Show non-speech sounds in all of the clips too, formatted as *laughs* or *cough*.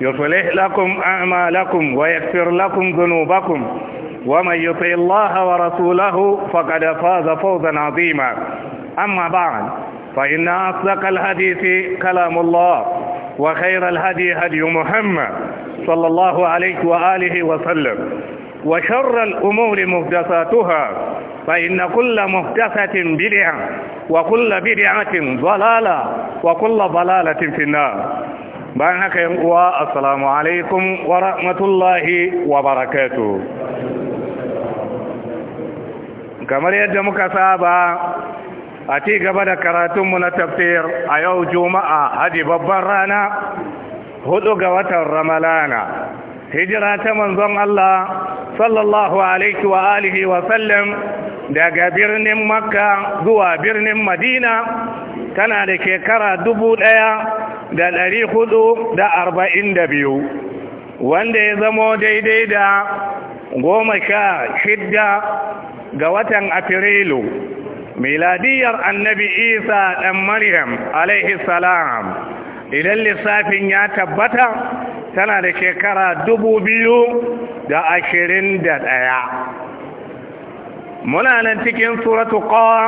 يصلح لكم أعمالكم ويكفر لكم ذنوبكم ومن يطع الله ورسوله فقد فاز فوزا عظيما أما بعد فإن أصدق الحديث كلام الله وخير الهدي هدي محمد صلى الله عليه وآله وسلم وشر الأمور مهدساتها فإن كل مهدسة بدعة وكل بدعة ضلالة وكل ضلالة في النار bayan haka yan uwa assalamu alaikum wa rahmatullahi wa kamar yadda muka saba a ci gaba da karatunmu na tafsir a yau juma'a hadi babban rana hudu ga watan ramalana hijira ta manzon Allah sallallahu alaihi wa alihi wa sallam daga birnin makka zuwa birnin madina tana da shekara dubu ɗaya da ɗari hudu da arba'in da biyu wanda ya zamo daidai da goma sha shidda ga watan afirilu miladiyar annabi isa ɗan maryam alaihi salam idan lissafin ya tabbata tana da shekara dubu biyu da ashirin da ɗaya muna nan cikin suratu ƙawa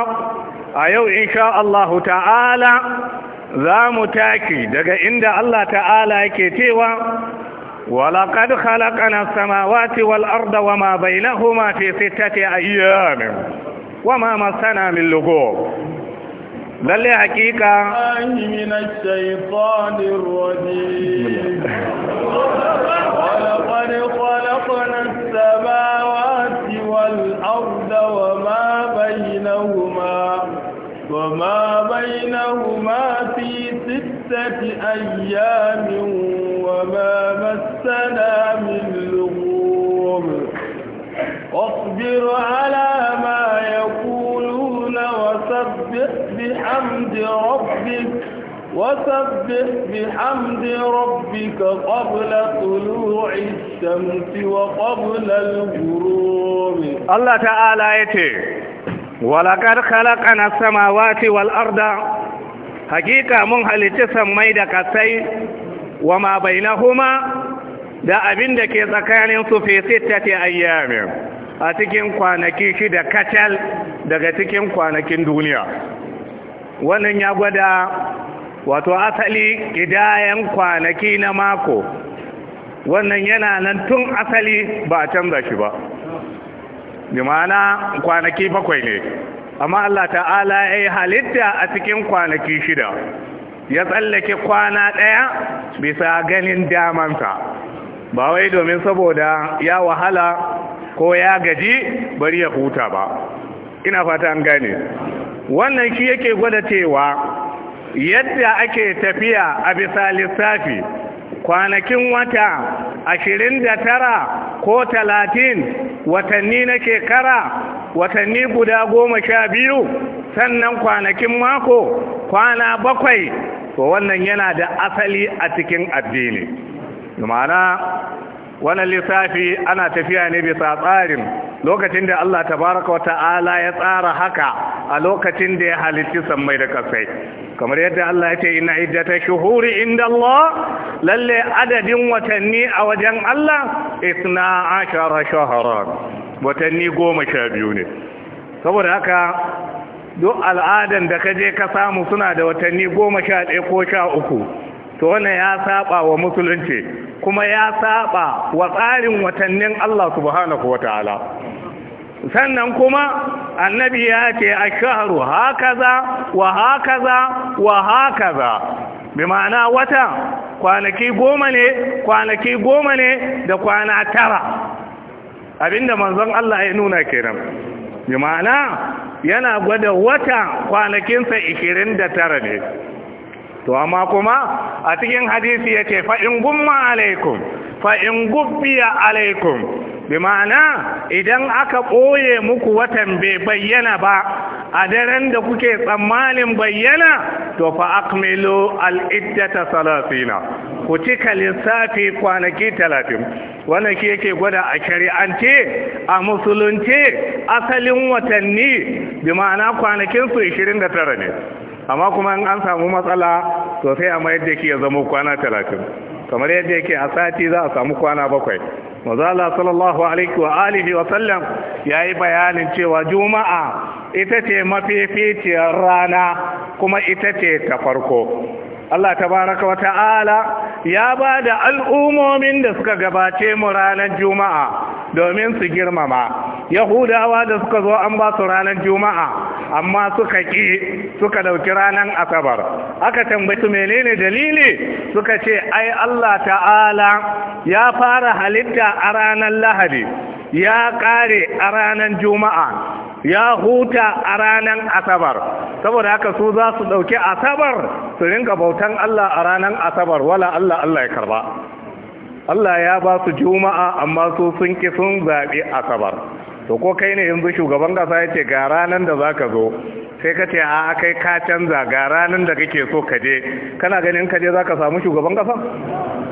a yau insha Allahu ta'ala za mu taki daga inda Allah ta'ala yake cewa walaƙad halakana samawati wal arda wa ma bai na bainahuma fi sittati ayyamin wa ma masana min lugo lalle hakika ولقد خلقنا السماوات والأرض وما بينهما وما بينهما في ستة أيام وما مسنا من لغوب واصبر على ما يقولون وسبح بحمد ربك وسبح بحمد ربك قبل طلوع الشمس وقبل الغروب الله تعالى يتي walakar na samawati wal arda hakika mun halitta sammai da kasai wa ma bainahuma da abin da ke tsakanin su fi sittati ayyamin a cikin kwanaki shida kacal daga cikin kwanakin duniya wannan ya gwada wato asali kidayen kwanaki na mako wannan yana nan tun asali ba a canza shi ba bi kwanaki bakwai ne amma Allah ta'ala ya yi halitta a cikin kwanaki shida ya tsallake kwana ɗaya bisa ganin damansa ba wai domin saboda ya wahala ko ya gaji bari ya huta ba ina fata an gane wannan shi yake gwada cewa yadda ake tafiya a bisa lissafi kwanakin wata ashirin da tara ko talatin watanni na shekara watanni guda goma sha biyu sannan kwanakin mako kwana bakwai to wannan yana da asali a cikin addini ma'ana wannan lissafi ana tafiya ne bisa tsarin lokacin da Allah tabaraka wata'ala ya tsara haka a lokacin da ya halitti sammai da kasai kamar yadda Allah ya ce ina iddata shuhuri inda Allah lalle adadin watanni a wajen Allah isna ashara watanni goma sha biyu ne saboda haka duk al'adan da ka je ka samu suna da watanni goma sha ɗaya ko sha uku to wannan ya saba wa musulunci kuma ya saba wa tsarin watannin Allah subhanahu wataala sannan kuma annabi ya ce ashharu hakaza wa hakaza wa hakaza bi ma'ana wata kwanaki goma ne kwanaki goma ne da kwana tara abinda manzon Allah ya nuna kenan bi ma'ana yana gwada wata kwanakinsa 29 ne to amma kuma a cikin hadisi yace fa in gumma alaikum fa in gubbiya alaikum bi ma'ana idan aka ɓoye muku watan bai bayyana ba a daren da kuke tsammanin bayyana to fa akmilu al'iddata salatina ku cika lissafi kwanaki talatin wannan ke yake gwada a shari'ance a musulunce asalin watanni bi ma'ana kwanakinsu 29 ne amma kuma in an samu matsala to sai a mayar da ke ya zama kwana talatin kamar yadda yake a sati za a samu kwana bakwai mazala sallallahu alaihi wa alihi wa sallam ya yi bayanin cewa juma'a ita ce mafificiyar rana kuma ita ce ta farko Allah tabaraka wa ta'ala ya ba da al'ummomin da suka gabace mu ranar juma'a domin su girmama yahudawa da suka zo an ba su ranar juma'a amma suka ƙi suka ɗauki ranar asabar aka tambaci menene dalili suka ce ai Allah ta'ala ya fara halitta a ranar lahadi ya ƙare a ranar juma'a ya huta a ranar asabar saboda haka su za su ɗauki asabar su rinka bauta bautan Allah a ranar asabar wala Allah Allah ya karba Allah ya ba su juma'a amma su sun ki sun zaɓi asabar to ko kai ne yanzu shugaban ƙasa ya ce ga ranar da za ka zo sai ka ce a kai ka canza ga ranar da kake so ka je kana ganin ka je za ka samu shugaban ƙasa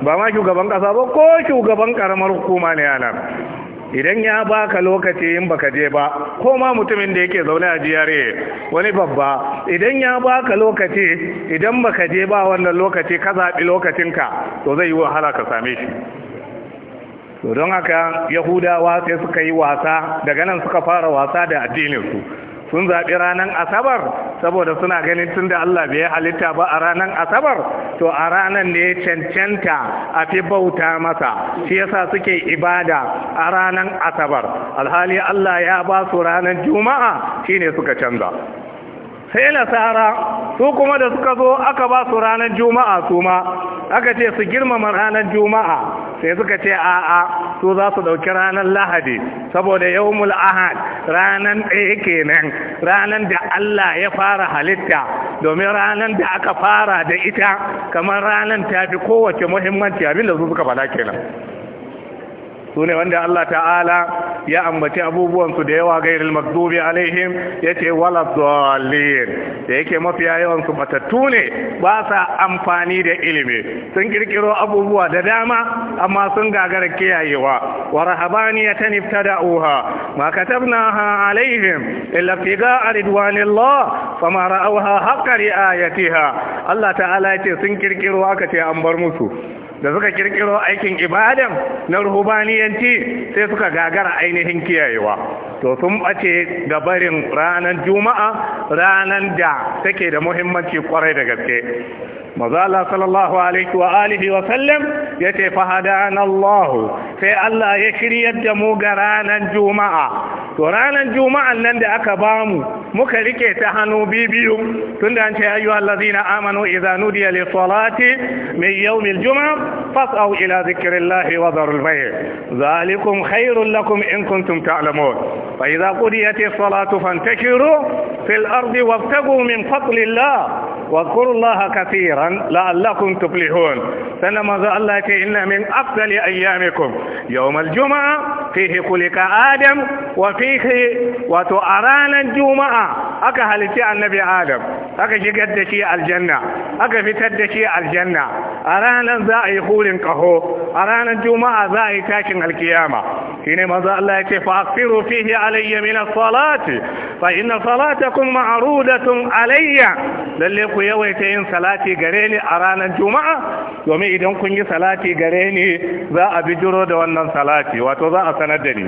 ba ma shugaban ƙasa ba ko shugaban ƙaramar hukuma ne yanar idan ya baka lokaci in baka je ba ko ma mutumin da yake zaune a jiyare wani babba idan ya baka lokaci idan baka je ba wannan lokaci ka zaɓi lokacinka to zai yi wahala ka same shi to don haka yahudawa sai suka yi wasa daga nan suka fara wasa da addininsu sun zaɓi ranar asabar saboda suna ganin tun da Allah bai halitta ba a ranar asabar to a ranar ne ya cancanta a fi bauta masa shi yasa suke ibada a ranar asabar alhali Allah ya ba su ranar juma'a shine suka canza sai nasara su kuma da suka zo aka ba su ranar juma'a su ma aka ce su girmama ranar juma'a sai suka ce a'a su za su ɗauki ranar lahadi saboda yawmul ahad ranar ɗaya kenan ranar da Allah ya fara halitta domin ranar da aka fara da ita kamar ranar ta fi kowace muhimmanci abinda su suka fada kenan su ne wanda Allah ta'ala ya ambaci abubuwansu da yawa gairil magdubi alaihim ya ce wala da yake mafiya yawansu matattu ne ba sa amfani da ilimi sun kirkiro abubuwa da dama amma sun gagara kiyayewa wa rahabaniyatan uha ma katabnaha alaihim illa a ridwanillah fama haƙari haqqa ri'ayatiha Allah ta'ala ya ce sun kirkiro aka ce an bar musu da suka kirkiro aikin ibadan na ruhubaniyanci sai suka gagara ainihin kiyayewa to sun bace ga barin ranar juma'a ranar da take da muhimmanci kwarai da gaske مظالا صلى الله عليه وآله وسلم يتي يتفهدان الله في الله يكري الدمو قرانا جمعا قرانا جمعا نند أكبام مكالكي تحنو بيبيو تند أنت أيها الذين آمنوا إذا نودي للصلاة من يوم الجمعة فاسأوا إلى ذكر الله وذر البيع ذلكم خير لكم إن كنتم تعلمون فإذا قضيت الصلاة فانتشروا في الأرض وابتغوا من فضل الله واذكروا الله كثيرا لعلكم تفلحون سنة ماذا الله إن من أفضل أيامكم يوم الجمعة فيه خلق آدم وفيه وتعران الجمعة أكا هلتي النبي آدم أكا جقد شيء الجنة أكا فتد شيء الجنة أرانا زائي خول قهو أرانا الجمعة زائي تاكن القيامة هنا ماذا الله فأكفروا فيه علي من الصلاة فإن صلاتكم معروضة علي للي قيوة إن صلاتي قريب gare ni a ranar juma'a domin idan kun yi salati gare ni za a bijiro da wannan salati wato za a sanar da ni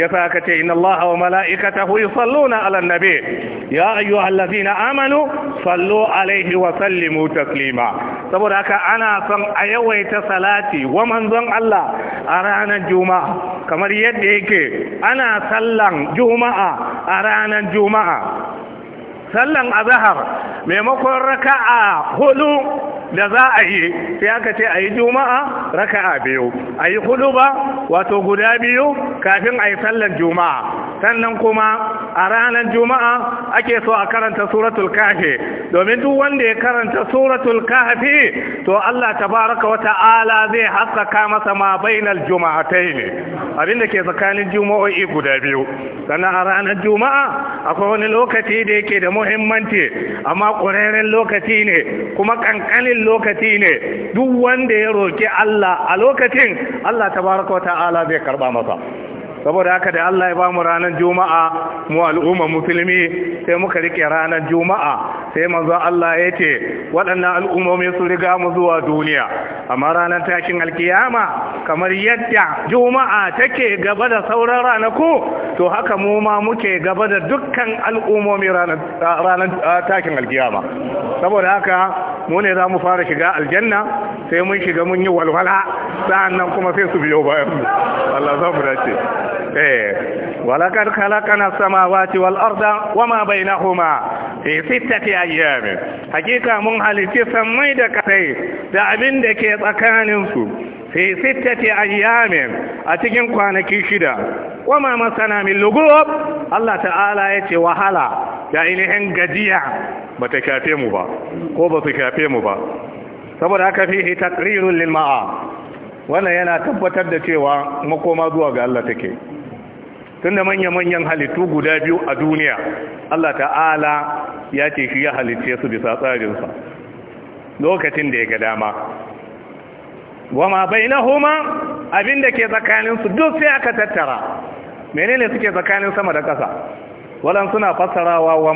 yasa ka ce inna allaha wa mala'ikatahu yusalluna ala nabi ya ayyuhallazina amanu sallu alaihi wa sallimu taslima saboda haka ana son a yawaita salati wa manzon Allah a ranar juma'a kamar yadda yake ana sallan juma'a a ranar juma'a sallan azahar, maimakon raka'a hudu da za a yi sai aka ce a yi juma'a raka'a biyu a yi hudu ba wato guda biyu kafin a yi sallan juma'a sannan kuma a ranar juma'a ake so a karanta suratul kafi domin duk wanda ya karanta suratul kafi to Allah tabaraka wa ta'ala zai haskaka masa ma bainal juma'atai ne abinda ke tsakanin juma'o'i guda biyu sannan a ranar juma'a akwai wani lokaci da yake da muhimmanci amma ƙwararren lokaci ne kuma ƙanƙanin lokaci ne duk wanda ya roƙi Allah a lokacin Allah tabaraka wa ta'ala zai karɓa masa saboda haka da Allah ya ba mu ranar juma'a mu al'umma musulmi sai muka rike ranar juma'a sai manzo Allah ya ce waɗannan al'ummomi su riga mu zuwa duniya amma ranar tashin alkiyama kamar yadda juma'a take gaba da sauran ranaku to haka mu ma muke gaba da dukkan al'ummomi ranar tashin alkiyama saboda haka mu ne za mu fara shiga aljanna sai mun shiga mun yi walwala sa'an nan kuma sai su biyo bayan eh, wal arda wama bainahuma fi sittati ayyamin hakika mun halitti sammai da kasai da abin da ke tsakaninsu fi sittati ayyamin a cikin kwanaki shida Kuma masana min lugub Allah ta'ala Ya ce wahala da ainihin gajiya ta shafe mu ba ko ba su shafe mu ba saboda haka fi taqrirun lil ma'a wannan yana tabbatar da cewa makoma zuwa ga Allah take tunda manya-manyan halittu guda biyu a duniya Allah ta'ala ya ce shi ya halitce su bisa tsarinsa lokacin da ya ga dama bai wama abin abinda ke tsakaninsu duk sai aka tattara menene suke tsakanin sama da ƙasa walan suna fassarawa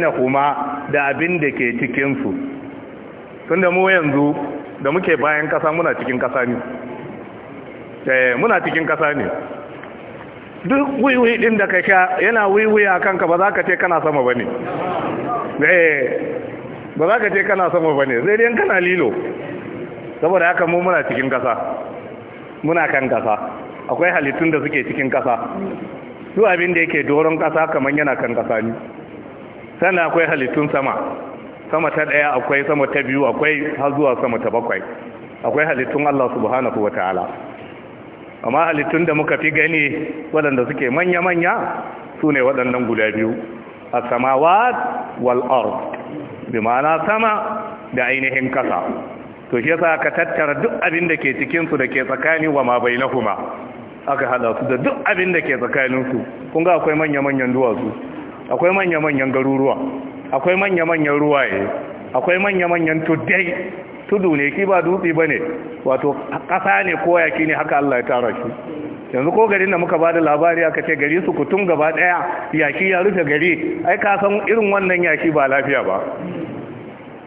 na huma da abin da ke cikinsu. su tunda mu yanzu da muke bayan ƙasa muna cikin ƙasa ne eh, muna cikin ƙasa ne duk wiwi din da ka sha yana wiwi a kanka ba za ka ce kana sama ba ne eh, ba za ka ce kana sama ba ne zai dai kana lilo saboda haka mu muna cikin kasa muna kan kasa akwai halittun da suke cikin kasa su abin da yake doron kasa kamar yana kan kasa ne sannan akwai halittun sama sama ta ɗaya akwai sama ta biyu akwai har zuwa sama ta bakwai akwai halittun Allah subhanahu wa ta'ala amma halittun da muka fi gani waɗanda suke manya-manya su ne waɗannan guda biyu a wa wal'ar bi ma'ana sama da ainihin ƙasa to shi yasa ka tattara duk abin da ke cikinsu da ke tsakani wa ma kuma. aka hada su da duk abin da ke tsakaninsu kun ga akwai manya-manyan duwatsu akwai manya-manyan garuruwa akwai manya-manyan ruwaye akwai manya-manyan tuddai tudu ne ki ba dutse ba ne wato ƙasa ne ko yaki ne haka Allah ya tara shi yanzu ko garin da muka bada labari aka ce gari su kutum gaba ɗaya yaki ya rufe gari ai ka san irin wannan yaki ba lafiya ba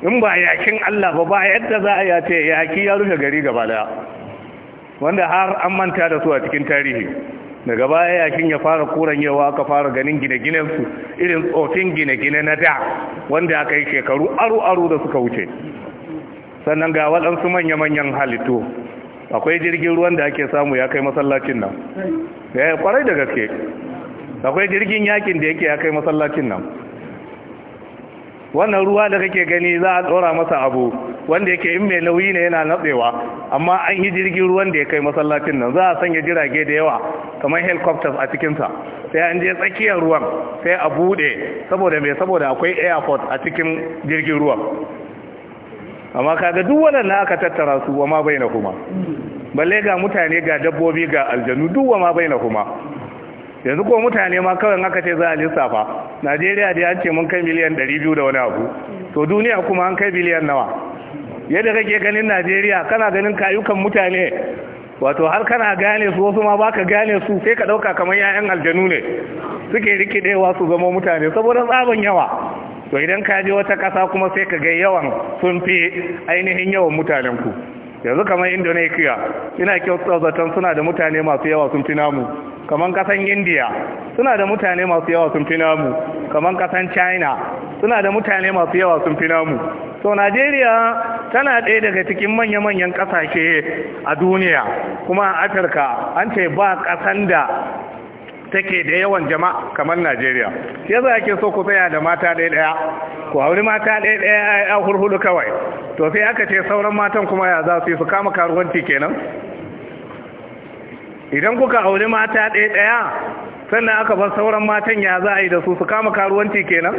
in ba yakin Allah ba ba yadda za a yace yaki ya rufe gari gaba ɗaya wanda har an manta da su a cikin tarihi daga baya yakin ya fara yawa aka fara ganin gine-ginen su irin tsofin gine-gine na da wanda aka yi shekaru aru-aru da suka wuce sannan ga waɗansu manya-manyan halittu akwai jirgin ruwan da ake samu ya kai masallacin nan ya eh, kwarai da gaske akwai jirgin yakin da yake ya kai masallacin nan wannan ruwa da kake gani za a tsora masa abu wanda yake in mai nauyi ne yana natsewa amma an yi jirgin ruwan da ya kai masallacin nan za a sanya jirage da yawa kamar helicopters a cikinsa sai an je tsakiyar ruwan sai a bude saboda mai saboda akwai airport a cikin jirgin ruwan amma kaga duk na aka tattara su wa ma bai na kuma balle ga mutane ga dabbobi ga aljanu duk wa ma bai kuma yanzu ko mutane ma kawai aka ce za a lissafa najeriya dai an ce mun kai miliyan 200 da wani abu to duniya kuma an kai biliyan nawa yadda kake ganin najeriya kana ganin kayukan mutane wato har kana gane su wasu ma baka gane su sai ka dauka kamar yayan aljanu ne suke rikidewa su zama mutane saboda tsaban yawa to idan ka je wata ƙasa kuma sai ka ga yawan sun fi ainihin yawan mutanenku yanzu kamar indonesia ina kyau zaton suna da mutane masu yawa sun fi namu kamar kasan india suna da mutane masu yawa sun fi namu kamar kasan china suna da mutane masu yawa sun fi namu so najeriya tana ɗaya daga cikin manya-manyan ƙasashe a duniya kuma a afirka an ce ba ƙasan da take da yawan jama'a kamar Najeriya yasa ake so ku tsaya da mata ɗaya ɗaya ku auri mata ɗaya ɗaya a hurhudu kawai to sai aka ce sauran matan kuma ya za su yi su kama karuwanci kenan idan kuka auri mata ɗaya ɗaya sannan aka bar sauran matan ya za a yi da su su kama karuwanci kenan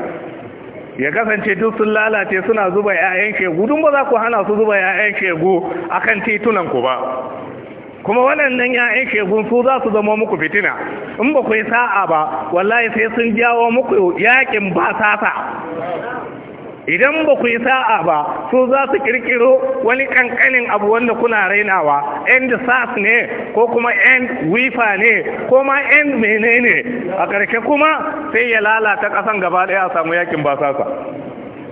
ya kasance duk sun lalace suna zuba 'ya'yan shegu dun ba za ku hana su zuba 'ya'yan shegu akan titunan ku ba kuma waɗannan ‘ya'yan shekun su za su zama muku fitina in ba ku yi sa'a ba wallahi sai sun jawo muku yaƙin ba sasa idan ba ku yi sa'a ba su za su kirkiro wani ƙanƙanin abu wanda kuna rainawa end sas ne ko kuma end wifa ne ko ma end menene a ƙarshe kuma sai ya lalata ƙasan gaba ɗaya a samu yakin ba sasa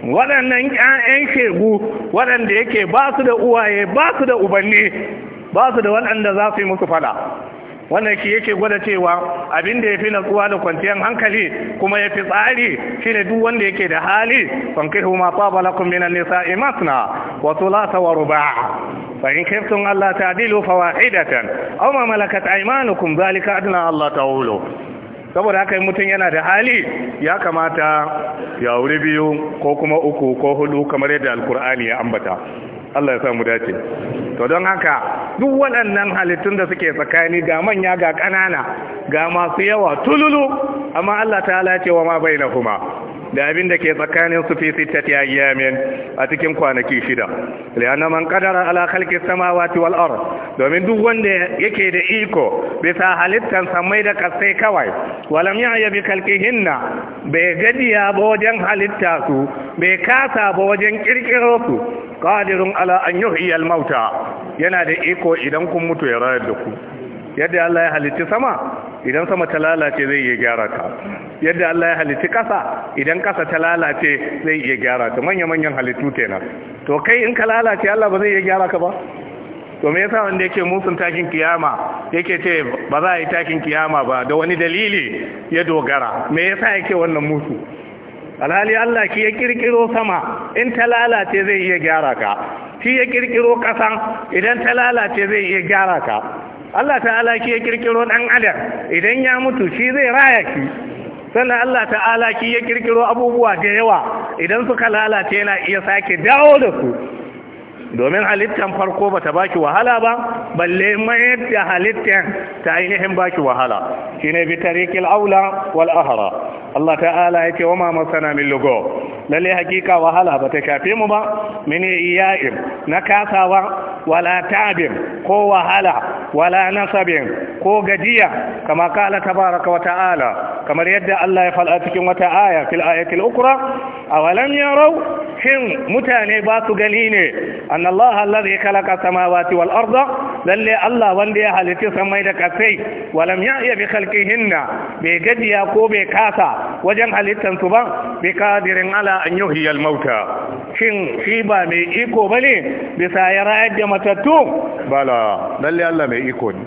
waɗannan 'ya'yan shegu waɗanda yake ba su da uwaye ba su da ubanni ba su da waɗanda za su yi musu fada wannan ki yake gwada cewa abin da ya fi natsuwa da kwanciyar hankali kuma ya fi tsari shi ne duk wanda yake da hali fankihu ma tsaba lakum minan nisa Imas wa thulatha wa ruba' fa in khiftum alla ta'dilu fawahidatan aw ma malakat aymanukum zalika adna ta ta'ulu saboda haka mutum yana da hali ya kamata ya wuri biyu ko kuma uku ko hudu kamar yadda alkur'ani ya ambata Allah ya mu dace to don haka duk waɗannan halittun da suke tsakani ga manya ga ƙanana ga masu yawa tululu amma Allah ta halace wa ma bainahuma da abin da ke tsakanin su fi sittati ayyamin a cikin kwanaki shida liyana man qadara ala khalqi samawati wal ard domin duk wanda yake da iko bisa halittan samai da kasai kawai walam ya'ya bi khalqihinna bai gadiya ba wajen halitta su bai kasa ba wajen kirkiro su qadirun ala an yuhyi al mauta yana da iko idan kun mutu ya rayar da ku yadda Allah ya halitti sama idan sama ta lalace zai iya gyara ta yadda Allah ya halitti ƙasa idan ƙasa ta lalace zai iya gyara ta manya-manyan halittu kenan to kai in ka lalace Allah ba zai iya gyara ka ba to me yasa wanda yake musun takin kiyama yake ce ba za a yi takin kiyama ba da wani dalili ya dogara me yasa yake wannan musu alhali Allah ki ya kirkiro sama in ta lalace zai iya gyara ka shi ya kirkiro ƙasa idan ta lalace zai iya gyara ka Allah ta'ala ki ya kirkiro ɗan adam idan ya mutu shi zai raya ki sannan Allah ta'ala ki ya kirkiro abubuwa da yawa idan suka lalace yana iya sake dawo da su domin halittan farko ba ta baki wahala ba balle mayar da halittan ta ainihin baki wahala shine bi tariqil aula wal ahara? Allah ta'ala ce wa ma masana min lugo lalle hakika wahala ba ta shafe mu ba mini iya'ib na kasawa wala tabin ko wahala wala nasabin ko gajiya kama kala tabaraka wa ta'ala kamar yadda Allah ya fal'a cikin wata aya fil ayatil ukra awalam yarau shin mutane ba su gani ne annallaha allazi khalaqa samawati wal arda lalle Allah wanda ya halitta samai da kasai walam yaya bi khalqihinna bai gajiya ko bai kasa wajen halittan su ba bi qadirin ala an yuhyi al mauta shin shi ba mai iko bane bisa ya rayar da matattu bala lalle Allah mai iko ne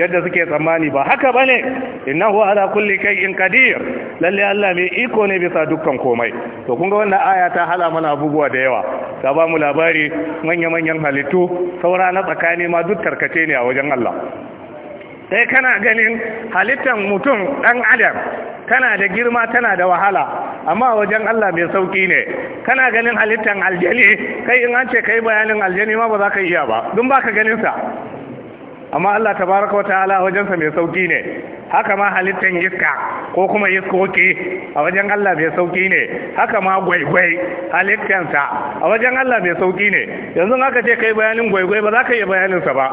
yadda suke tsammani ba haka bane innahu ala kulli in qadir lalle Allah mai iko ne bisa dukkan komai to kun ga wannan aya ta hala mana abubuwa da yawa ta ba mu labari manya manyan halittu saura na tsakani ma duk tarkace ne a wajen Allah sai kana ganin halittar mutum ɗan adam kana da girma tana da wahala amma wajen Allah mai sauki ne kana ganin halittar aljani kai in an ce kai bayanin aljani ma ba za ka iya ba don ba ka ganin amma Allah tabaraka wa ta'ala wajensa mai sauki ne haka ma halittan iska ko kuma iskoki a wajen Allah mai sauki ne haka ma gwaigwai halittansa a wajen Allah mai sauki ne yanzu haka ce kai bayanin gwaigwai ba za ka iya bayaninsa ba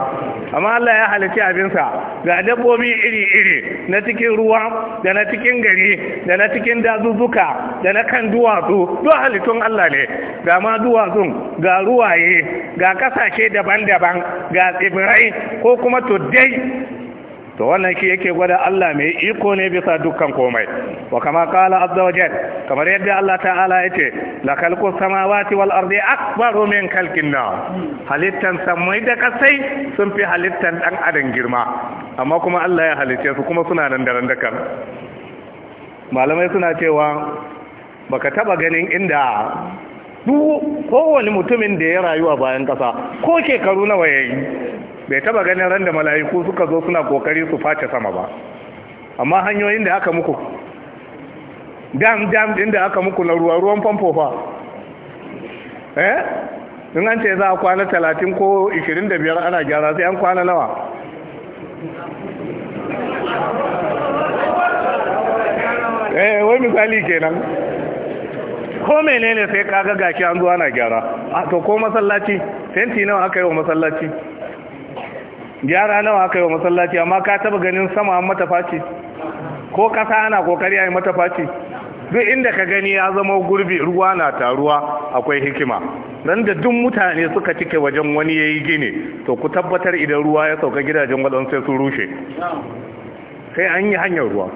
amma Allah ya halitti abinsa ga dabbobi iri-iri na cikin ruwa da na cikin gari da na cikin dazuzzuka da na kan duwatsu duk halittun Allah ne ga ma duwatsun ga ruwaye ga kasashe daban-daban ga tsibirai ko kuma tuddai to wannan shi yake gwada Allah mai iko ne bisa dukkan komai wa kama kala azza kamar yadda Allah ta'ala yace la khalqu samawati wal ardi akbaru min khalqin na halittan samai da kasai sun fi halittan dan adam girma amma kuma Allah ya halice su kuma suna nan daren dakan malamai suna cewa baka taba ganin inda duk kowane mutumin da ya rayu a bayan kasa ko shekaru nawa yi, bai taba ganin ran da mala'iku suka zo suna kokari su face sama ba amma hanyoyin da aka muku dam dam din da aka muku na ruwa ruwan famfo fa eh in an ce za a kwana talatin ko ishirin da biyar ana gyara sai an kwana nawa eh wai misali kenan ko menene sai ka ga gashi an zuwa na gyara a to ko masallaci fenti nawa aka yi wa masallaci gyara nawa aka yi wa masallaci amma ka taba ganin sama an mata faci ko kasa ana kokari a mata faci duk inda ka gani ya zama gurbi ruwa na taruwa akwai hikima dan da duk mutane suka cike wajen wani yayi gine to ku tabbatar idan ruwa ya sauka gidajen wadansu sai su rushe sai an yi hanyar ruwa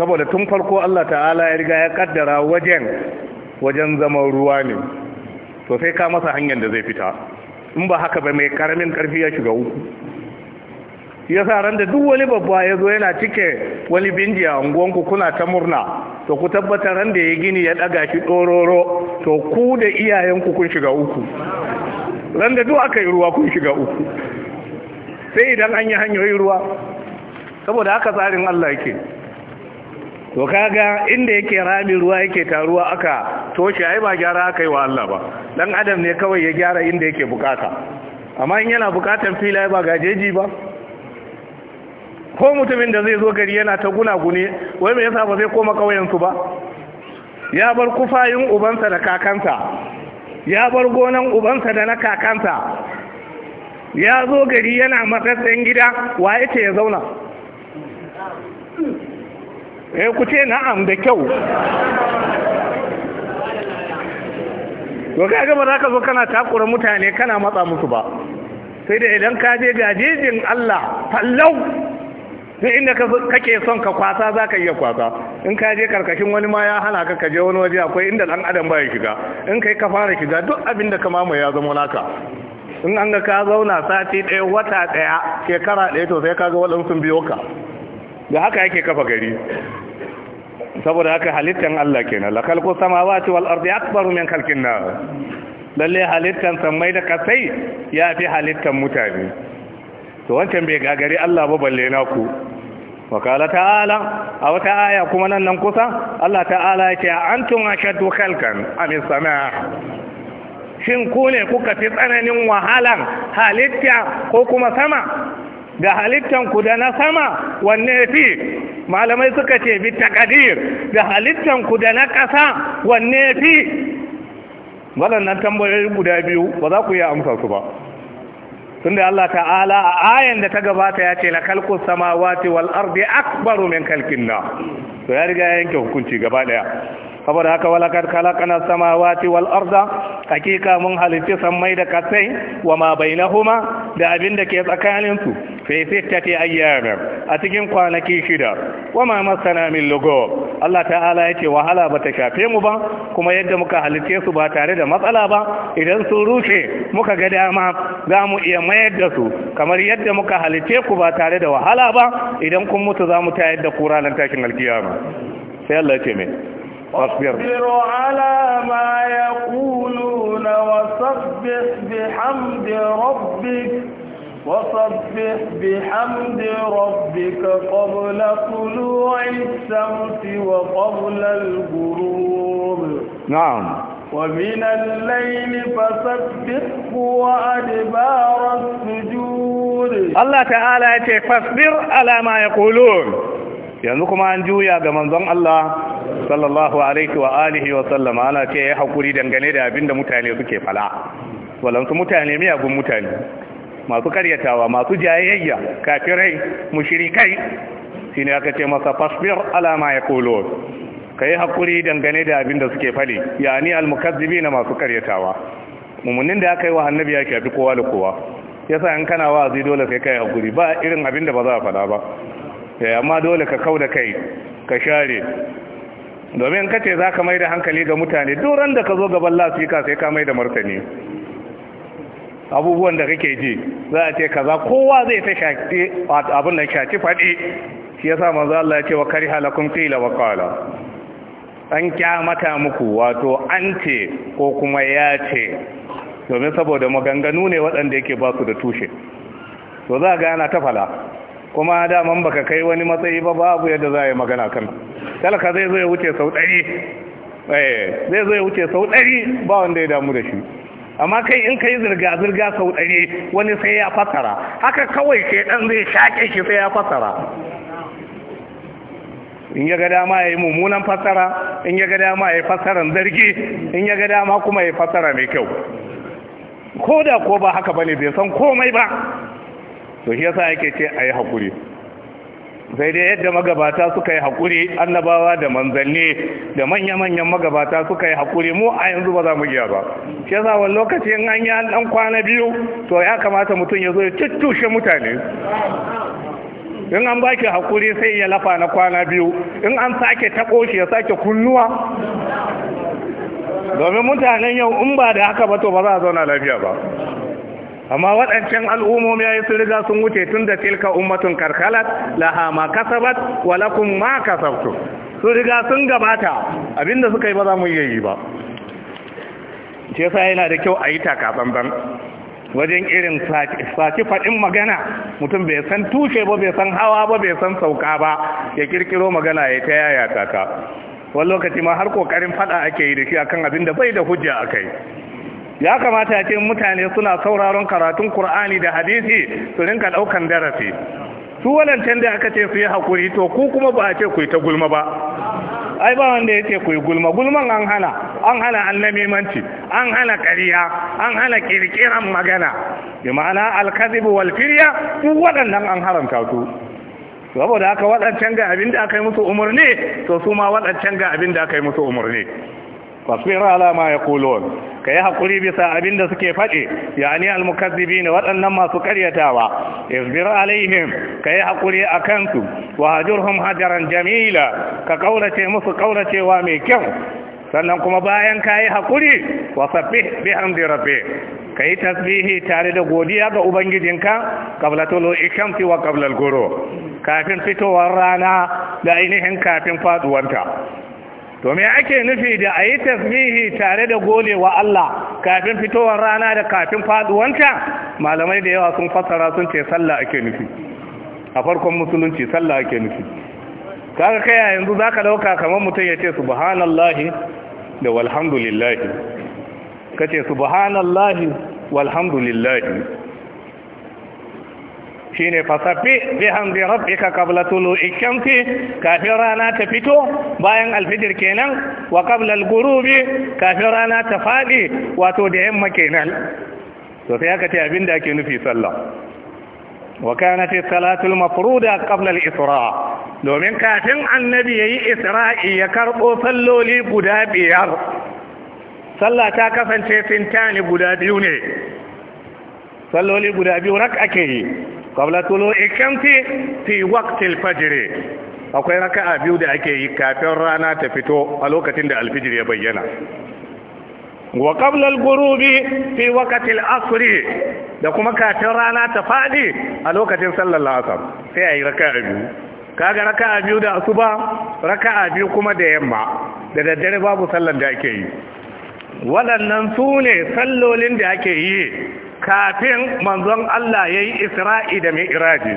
saboda tun farko Allah ta'ala ya riga ya kaddara wajen wajen zaman ruwa ne to sai ka masa hanyar da zai fita in ba haka ba mai karamin karfi ya shiga uku ya sa ran da duk wani babba ya zo yana cike wani binji a unguwanku kuna ta murna to ku tabbatar ran da ya gini ya daga shi dororo to ku da iyayenku kun shiga uku ran da duk aka yi ruwa kun shiga uku sai idan an yi hanyoyin ruwa saboda haka tsarin Allah yake to kaga inda yake rami ruwa yake taruwa aka toshe ai ba gyara aka yi wa Allah ba dan adam ne kawai ya gyara inda yake bukata amma in yana bukatan filaye ba gajeji ba ko mutumin da zai zo gari yana ta gunagune wai me yasa ba zai koma kauyensu ba ya bar kufayin ubansa da kakansa ya bar gonan ubansa da na kakansa ya zo gari yana matsatsen gida wa yake ya zauna eh ku ce na'am da kyau to kaga ba za ka zo kana takura mutane kana matsa musu ba sai da idan ka je gajejin Allah fallau sai inda kake son ka kwasa zaka iya kwasa in ka je karkashin wani ma ya hana ka kaje wani waje akwai inda dan adam ba ya shiga in kai ka fara shiga duk abin da ka mamu ya zama naka in an ga ka zauna sati ɗaya wata ɗaya shekara ɗaya to sai ka ga waɗansu biyo ka da haka yake kafa gari saboda haka halittan Allah kenan la khalqu samawati wal ardi akbaru min khalqin nar lalle halittan samai da kasai ya fi halittan mutane to wancan bai ga gari Allah ba balle na ku wakala ta'ala a wata aya kuma nan nan kusa Allah ta'ala yake antum ashaddu khalqan am samaa shin ku ne kuka fi tsananin wahalan halitta ko kuma sama da halittanku da na sama wanne fi malamai suka ce bi takadir da halittanku da na ƙasa wanne fi waɗannan tambayoyi guda biyu ba za ku yi amsa su ba tunda Allah ta'ala a ayan da ta gabata ya ce la kalku samawati wal ardi akbaru min kalkin na to ya riga yanke hukunci gaba daya saboda haka walakar kalakana wati wal arda hakika mun halitti sammai da kasai wa ma bainahuma da abin da ke tsakanin su fi sittati ayyam a cikin kwanaki shida wa ma masana min lugo Allah ta'ala yake wahala ba ta shafe mu ba kuma yadda muka halitta su ba tare da matsala ba idan su rushe muka ga dama za mu iya mayar da su kamar yadda muka halitta ku ba tare da wahala ba idan kun mutu za mu tayar da ku ranar tashin alkiyama sai Allah ya ce mai واصبر على ما يقولون وسبح بحمد ربك وسبح بحمد ربك قبل طلوع الشمس وقبل الغروب نعم ومن الليل فسبحه وأدبار السجود الله تعالى يقول فاصبر على ما يقولون yanzu kuma an juya ga manzon Allah sallallahu alaihi wa alihi wa sallama ana ce ya hakuri dangane da abin da mutane suke fala walansu mutane miyagun mutane masu karyatawa masu jayayya kafirai mushrikai shine aka ce masa fasbir ala ma yaqulun kai hakuri dangane da abin da suke fali yani almukazzibina masu karyatawa mumunin da aka yi wa annabi ya kafi kowa da kowa yasa in kana wa'azi dole sai kai hakuri ba irin abin da ba za a fada ba amma dole ka kau da kai ka share domin ka ce za ka mai da hankali ga mutane duran da ka zo gaban lafika sai ka mai da martani abubuwan da kake ji za a ce kaza kowa zai ta shaki abin da shaki faɗi shi yasa manzo Allah ya ce wa kariha lakum qila wa qala an kyamata muku wato an ce ko kuma ya ce domin saboda maganganu ne waɗanda yake ba su da tushe to za ga gana ta fala kuma daman baka kai wani matsayi ba babu yadda za a yi magana kan talaka zai zo ya wuce sau ɗari eh, zai zo ya wuce sau ɗari ba wanda ya damu da shi amma kai in kai zirga-zirga sau ɗari wani sai ya fasara haka kawai ke ɗan zai shaƙe shi sai ya fasara in ya ga dama ya yi mummunan fasara in ya ga dama ya yi fasaran zargi in ya ga dama kuma ya yi fasara mai kyau ko da ko ba haka ba ne bai san komai ba to shi yasa yake ce a yi haƙuri sai dai yadda magabata suka yi haƙuri annabawa da manzanni da manya-manyan magabata suka yi haƙuri mu a yanzu ba za mu iya ba shi yasa wani lokaci in an yi an ɗan kwana biyu to ya kamata mutum ya zo ya tuttushe mutane in an baki hakuri sai ya lafa na kwana biyu in an sake taɓo shi ya sake kunnuwa domin mutanen yau in ba da haka ba to ba za a zauna lafiya ba amma waɗancan al'ummomi ya yi sun riga sun wuce tun da tilka ummatun karkalat laha ma kasabat wa ma kasabtu sun riga sun gabata abinda suka yi ba za mu iya yi ba ce sa yana da kyau a yi taka banban wajen irin saci faɗin magana mutum bai san tushe ba bai san hawa ba bai san sauka ba ya kirkiro magana ya ta yaya taka wani lokaci ma har kokarin faɗa ake yi da shi akan abin da bai da hujja akai ya kamata ce mutane suna sauraron karatun Kur'ani da hadisi su rinka daukan darasi su walancan da aka ce su yi hakuri to ku kuma ba a ce ku yi ta gulma ba ai ba wanda ya ce ku yi gulma gulman an hana an hana annamimanci an hana ƙarya an hana kirkiran magana bi ma'ana alkazibu wal firya su waɗannan an haramta su saboda aka waɗancan ga abin da aka yi musu umarni to su ma waɗancan ga abin da aka yi musu umarni fasbir ala ma yaqulun kai hakuri bisa abinda suke fade yani almukazzibin waɗannan masu karyatawa isbir alaihim kai hakuri akan su wahjurhum hajaran jamila ka ƙaurace musu ƙauracewa mai kyau sannan kuma bayan kayi hakuri wasabbih bihamdi rabbik ka yi tasbihi tare da godiya ga ubangijinka kabla tolo ikamti wa kabla goro kafin fitowar rana da ainihin kafin faduwarta to me ake nufi da a yi tasbihi tare da gole wa Allah kafin fitowar rana da kafin faduwanta malamai da yawa sun fassara sun ce sallah ake nufi a farkon musulunci sallah ake nufi kaga kai yanzu zaka dauka kamar mutum ya ce subhanallahi da walhamdulillahi kace subhanallahi walhamdulillahi Shi ne shine fasabbi bihamdi rabbika qabla tulu'i shamsi kafin rana ta fito bayan alfijir kenan wa qabla al-ghurubi kafin rana ta fadi wato da yamma kenan to sai aka ce abinda ake nufi sallah wa kanat as-salatu al-mafruda qabla al-isra domin kafin annabi yayi isra'i ya karbo salloli guda biyar sallah ta kasance sintani guda biyu ne salloli guda biyu rak ke yi qabla tulu'i shamsi fi waqtil fajr akwai raka'a biyu da ake yi kafin rana ta fito a lokacin da alfijir ya bayyana wa qabla gurubi ghurubi fi waqti da kuma kafin rana ta fadi a lokacin sallar asar sai ayi raka'a biyu kaga raka'a biyu da asuba raka'a biyu kuma da yamma da daddare babu sallar da ake yi waɗannan su ne sallolin da ake yi kafin manzon Allah ya yi isra'i da mai iraji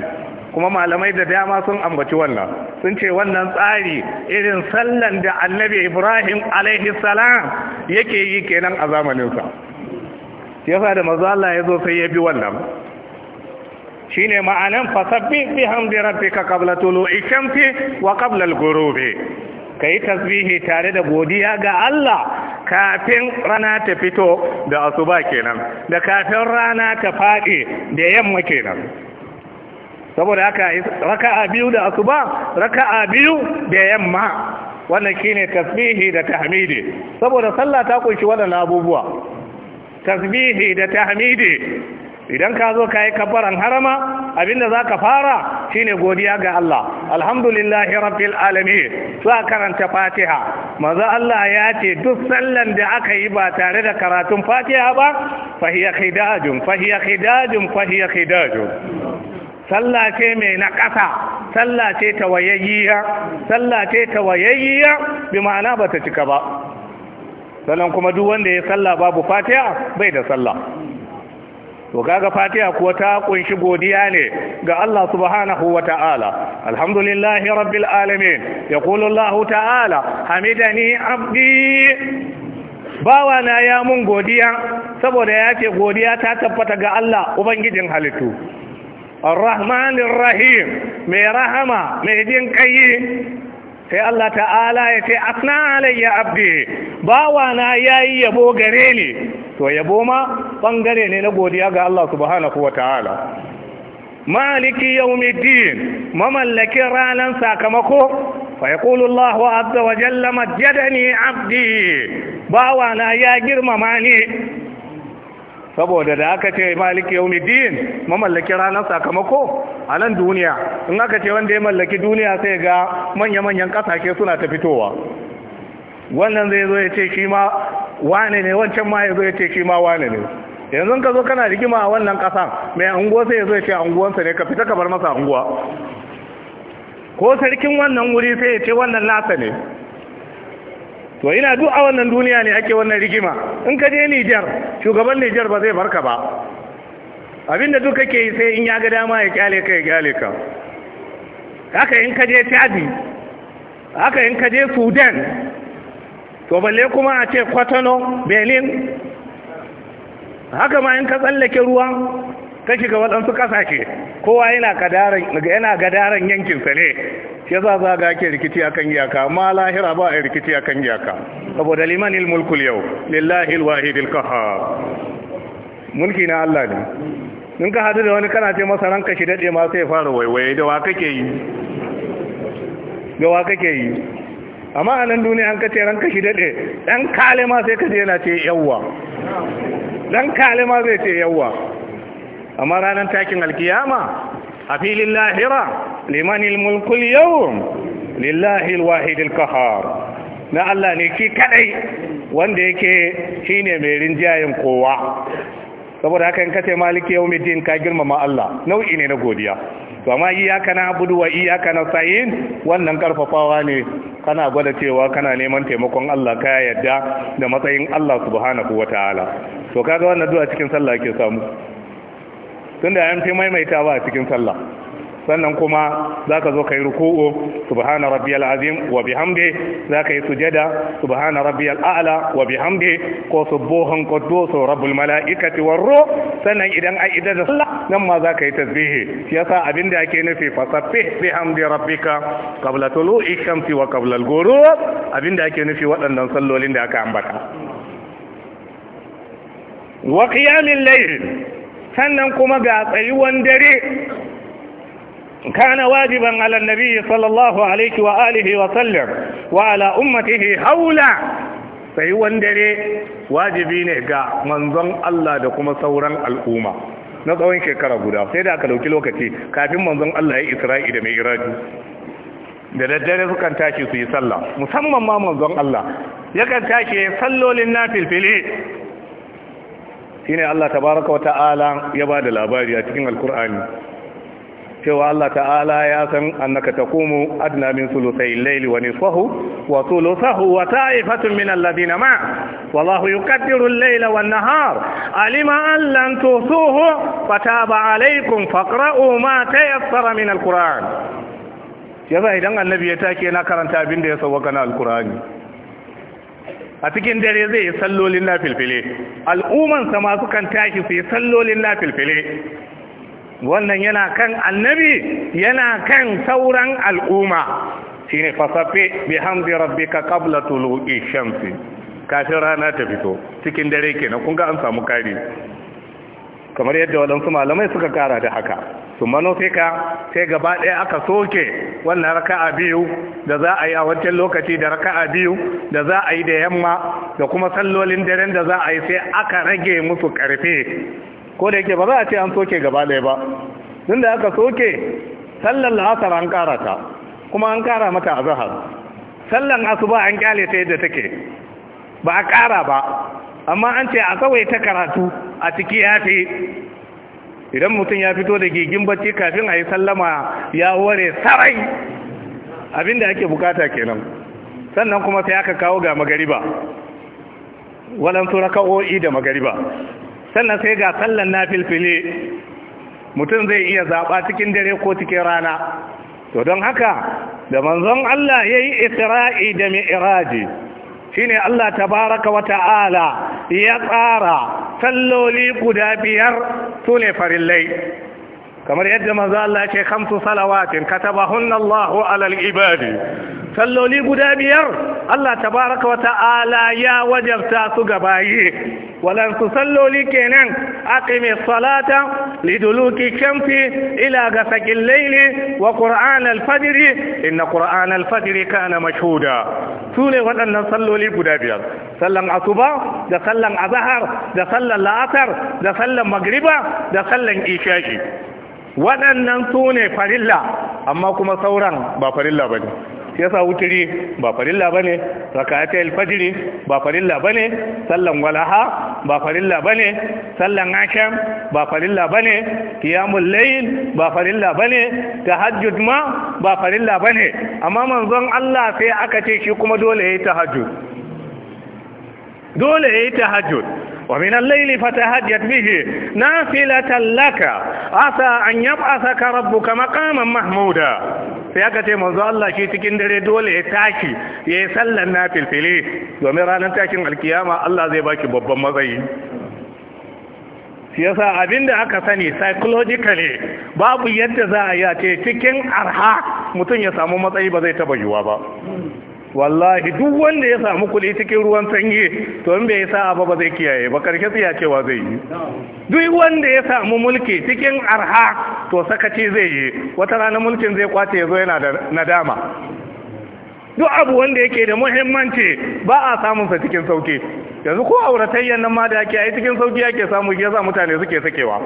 kuma malamai da dama sun ambaci wannan sun ce wannan tsari irin sallan da annabi ibrahim alaihissalam yake yi kenan a zamaninsa yasa da manzon Allah ya zo sai ya bi wannan shi ne ma'anin fasabbi bi hamdi rabbika qabla tulu'i shamsi wa qabla al ka yi tasbihi tare da godiya ga Allah kafin rana ta fito da asuba kenan da kafin rana ta faɗi da yamma kenan saboda haka raka'a biyu da asuba raka'a biyu da yamma wannan shine tasbihi da tahmidi saboda sallah ta kunshi wannan abubuwa tasbihi da tahmidi idan ka zo ka yi kafaran harama abinda za ka fara shine godiya ga Allah alhamdulillahi rabbil alamin za karanta fatiha maza Allah ya ce duk sallan da aka yi ba tare da karatun fatiha ba fahiya khidajun fahiya khidajun sallah ce mai na ƙasa sallah ce tawayayyiya sallah ce tawayayyiya bi ma'ana bata cika ba sannan kuma duk wanda ya sallah babu fatiha bai da sallah to kaga fatiha kuwa ta kunshi godiya ne ga Allah subhanahu wa ta'ala alhamdulillahi rabbil alamin yaqulu Allah ta'ala hamidani abdi bawa na ya mun godiya saboda ya ce godiya ta tabbata ga Allah ubangijin halittu الرحمن الرحيم mai rahama mai jin kai sai Allah ta'ala ya ce asna alayya abdi bawana yayi yabo gare ni to yabo ma bangare ne na godiya ga Allah subhanahu wataala maliki yawmiddin mamallakin ranan sakamako fa yaqulu Allah azza wa jalla abdi bawa na ya girmama ni saboda da aka ce maliki yau din mamallaki ranar sakamako a nan duniya in aka ce wanda ya mallaki duniya sai ga manya-manyan kasashe suna ta fitowa wannan zai zo ya ce shi ma wane ne wancan ma ya zo ya ce shi ma wane ne yanzu ka zo kana rigima a wannan kasan mai anguwa sai ya zo ya ce anguwansa ne ka fita ka bar masa anguwa ko sarkin wannan wuri sai ya ce wannan nasa ne to ina duk a wannan duniya ne ake wannan rigima in ka je Nijar shugaban Nijar ba zai barka ba abinda duk kake yi sai in ya ga dama ya kyale ka ya kyale ka haka in ka je Chad haka in ka je Sudan to balle kuma a ce Kwatano Benin haka ma in ka tsallake ruwa ka shiga waɗansu ƙasashe kowa yana gadaran yankinsa ne ya za za ga ake rikici a kan iyaka ma lahira ba a rikici a kan iyaka saboda limanil mulkul yau lillahi alwahidil qahhar mulki na Allah ne in ka hadu da wani kana ce masa ranka shi dade ma sai fara waiwaye da wa kake yi da wa kake yi amma a nan duniya an kace ranka shi dade dan kale ma sai ka je yana ce yawwa dan kale ma zai ce yawwa amma ranar takin alkiyama a filin lahira limanin mulkul yau lillahi wahidil kahar na Allah ne ki kadai wanda yake shine mai rinjayen kowa saboda haka yin kace maliki yawmiddin ka girmama Allah nau'i ne na godiya to amma na na'budu wa na sayin wannan karfafawa ne kana gwada cewa kana neman taimakon Allah ka yadda da matsayin Allah subhanahu ta'ala to kaga wannan du'a cikin sallah ke samu tunda an fi maimaitawa a cikin sallah sannan kuma za ka zo ka yi ruku'u subhana rabbiyal azim wa bihamdi za ka yi sujada subhana rabbiyal a'la wa bihamdi ko subuhan quddus rabbul malaikati war ruh sannan idan ai idan da sallah nan ma za ka yi tasbihi shi yasa abinda ake nufi fasabbih bihamdi rabbika qabla tulu'i shamsi wa qabla al-ghurub abinda ake nufi waɗannan sallolin da aka ambata wa qiyamil layl sannan kuma ga tsayuwan dare kana wajiban ala nabi sallallahu alaihi wa alihi wa sallam wa ala ummatihi haula tsayuwan dare wajibi ne ga manzon Allah da kuma sauran al'umma na tsawon shekara guda sai da aka dauki lokaci kafin manzon Allah ya Isra'i da mai da daddare sukan tashi su yi sallah musamman ma manzon Allah yakan tashi sallolin nafilfili shine Allah tabaraka wa ta'ala ya bada labari a cikin alkur'ani cewa Allah ta'ala ya san annaka taqumu adna min thuluthayil layli wa nisfahu wa thuluthahu wa ta'ifatun min alladhina ma wallahu yuqaddiru al-layla wan nahar alima an lan tusuhu fataba alaykum faqra'u ma tayassara min al yaba idan annabi ya take na karanta abin da ya sauka na al a cikin dare zai yi sallolin nafilfile al'ummansa masu kan tashi su yi sallolin lafilfile wannan yana kan annabi yana kan sauran al'umma shine fasafe bi rabbi rabbika kabla tulu'i shamsi kafin rana ta fito cikin dare kenan kun ga an samu kari kamar yadda waɗansu malamai suka kara da haka su mano sai gaba ɗaya aka soke wannan raka'a biyu da za a yi a wancan lokaci da raka'a biyu da za a yi da yamma da kuma sallolin daren da za a yi sai aka rage musu ƙarfe ko da yake ba za a ce an soke gaba ɗaya ba tun da aka soke sallar la'asar an ƙara ta kuma an ƙara mata azahar sallan asuba an kyale ta yadda take ba a ƙara ba amma an ce a kawai ta karatu a ciki ya fi idan mutum ya fito da gigin bacci kafin a yi sallama ya ware sarai abinda ake bukata kenan sannan kuma sai aka kawo ga magariba walansu raka'o'i da magariba sannan sai ga sallan na filfile mutum zai iya zaɓa cikin dare ko cikin rana to don haka da manzon Allah ya yi isra'i da Iraji. shine Allah tabaraka wa ta'ala ya tsara salloli guda biyar sune farillai kamar yadda manzo Allah ya ce khamsu salawatin katabahunna Allahu alal ibadi salloli guda biyar Allah tabaraka wata ala ya wajabta su gabaye. Walansu salloli kenan mai salata liduluki shamsi ila gasaqil layli wa qur'an al inna qur'an al-fajr kana mashhuda sune waɗannan salloli guda biyar sallan asuba da sallan Azahar da sallan la'asar da sallan magriba da sallan isha'i waɗannan su ne farilla amma kuma sauran ba farilla ba ne shi yasa wutiri ba farilla bane rakatul fajr ba farilla ne, sallan walaha ba farilla ne, sallan asham ba farilla ne kiyamun layin ba farilla ta tahajjud ma ba farilla ne. amma manzon Allah sai aka ce shi kuma dole yayi tahajjud dole yayi tahajjud ومن الليل فتهجد به نافلة لك عسى أن يبعثك ربك مقاما Mahmuda. sai aka ce manzo Allah shi cikin dare dole ya tashi ya yi sallan na filfile domin ranar takin alkiyama Allah zai baki babban matsayi yasa abinda aka sani psychologically babu yadda za'a yace cikin arha mutum ya samu matsayi ba zai taba yiwa ba wallahi duk wanda ya samu kuɗi cikin ruwan sanyi to in bai sa ba ba zai kiyaye ba karshe ce cewa zai yi duk wanda ya samu mulki cikin arha to sakaci zai yi wata rana mulkin zai kwace ya zo yana da nadama duk abu wanda yake da muhimmanci ba a samunsa cikin sauki yanzu ko auratayyan nan ma da ake yi cikin sauki yake samu ya sa mutane suke sakewa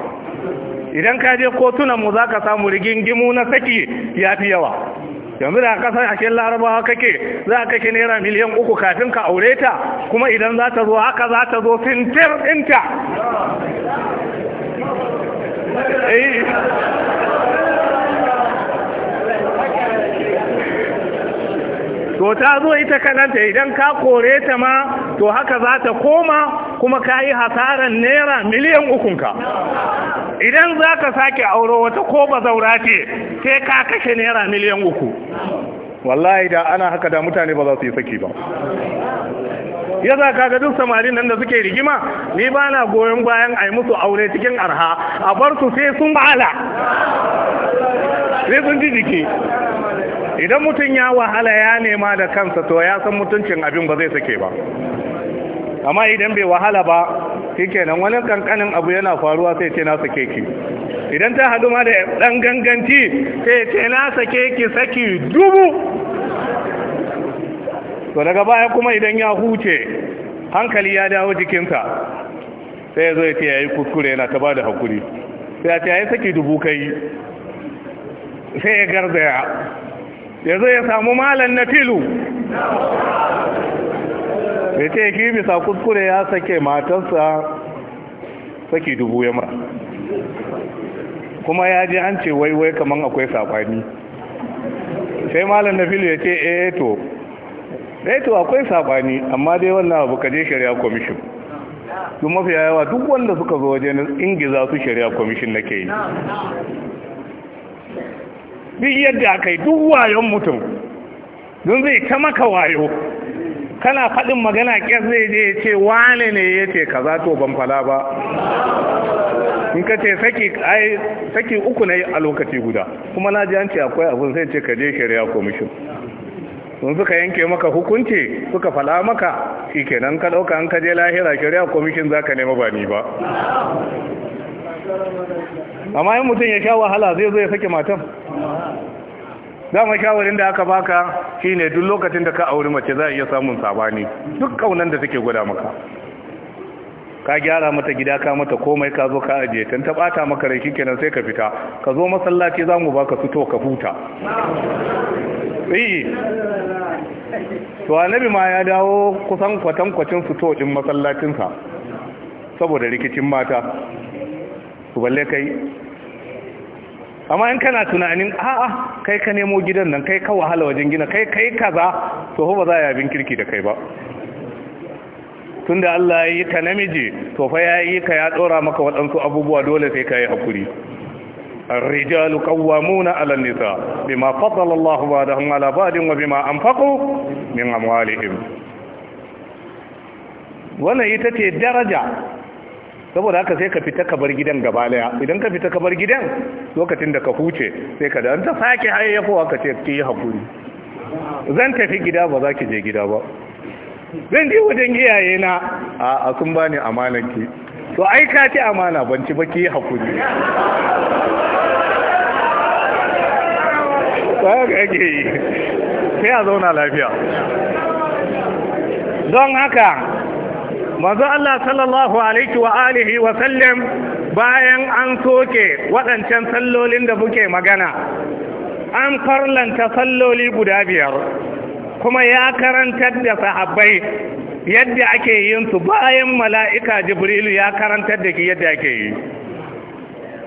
idan ka je kotunan mu zaka samu rigingimu na saki yafi yawa yanzu da kasar ake larabawa kake za ka kake naira miliyan uku kafin ka aure ta kuma idan za ta zo haka za ta zo fintir ɗinta eh. to ta zo ita kananta idan ka kore ta ma to haka za ta koma kuma ka yi hasarar naira miliyan ukunka idan za ka sake auro wata ko ba zaura ce sai ka kashe naira miliyan uku wallahi da ana haka da mutane ba za su yi saki ba ya za ka ga duk samarin nan da suke rigima ni ba na goyon bayan a yi musu aure cikin arha a bar su sai sun ba'ala. sai sun ji jiki idan mutum ya wahala ya nema da kansa to ya san mutuncin abin ba zai sake ba amma idan bai wahala ba kenan wani kankanin abu yana faruwa sai ce na sake idan ta hadu ma da dan ganganci sai ce na sake saki dubu to daga baya kuma idan ya huce hankali ya dawo jikinsa sai ya zo ya ce ya yi kuskure yana ta ba da hakuri sai ya ce ya yi saki dubu kai sai ya garzaya ya zo ya samu malan na filu da ce kiri bisa kuskure ya sake matarsa saki dubu ya mara kuma ya ji an ce waiwai kamar akwai sabani sai malam na filo ya ce eh to eh to akwai sabani amma dai wannan abu kaje shari'a kwamishin duk mafi yawa duk wanda suka zo waje na ingiza su shari'a kwamishin nake yi duk yadda aka yi duk wayon mutum don zai ta maka wayo kana faɗin magana ƙyar zai je ya ce wane ne ya ce ka za to ban fala ba in ka ce saki uku na yi a lokaci guda kuma na ji an ce akwai abin sai ce ka je shari'a komishin sun suka yanke maka hukunci suka fala maka shi kenan ka ɗauka an ka je lahira shari'a komishin za ka nema ba ni ba amma yin mutum ya sha wahala zai zo ya sake matan dama shawarin da aka baka shine duk lokacin da ka auri mace za a iya samun sabani duk kaunan da take gwada maka ka gyara mata gida ka mata komai ka zo ka ajiye tan ta bata maka rai kenan sai ka fita ka zo masallaci za mu baka fito ka huta to annabi ma ya dawo kusan kwatan kwacin fito din masallacin saboda rikicin mata su balle kai amma in kana tunanin a'a kai ka nemo gidan nan kai ka wahala wajen gina kai kai kaza to ba za a yabin kirki da kai ba tunda Allah ya yi ka namiji to fa ya yi ka ya tsora maka waɗansu abubuwa dole sai ka yi hakuri الرجال قوامون على النساء بما فضل الله بعضهم على بعض وبما أنفقوا من أموالهم wannan ita ce daraja saboda haka sai ka fita kabar bar gidan gaba daya idan ka fita ka bar gidan lokacin da ka huce sai ka da an ta sake hayayyafowa ka ce ki yi hakuri zan tafi gida ba za ki je gida ba zan je wajen iyaye na a sun bani amanar ki to ai ka ci amana ban ci ba ki yi hakuri *laughs* sai a zauna lafiya don haka Mazu Allah sallallahu alaihi wa alihi wa sallam bayan an soke waɗancan sallolin da buke magana an farlanta salloli guda biyar kuma ya karantar da sahabbai yadda ake yin su bayan mala'ika jibrilu ya karantar da ki yadda ake yi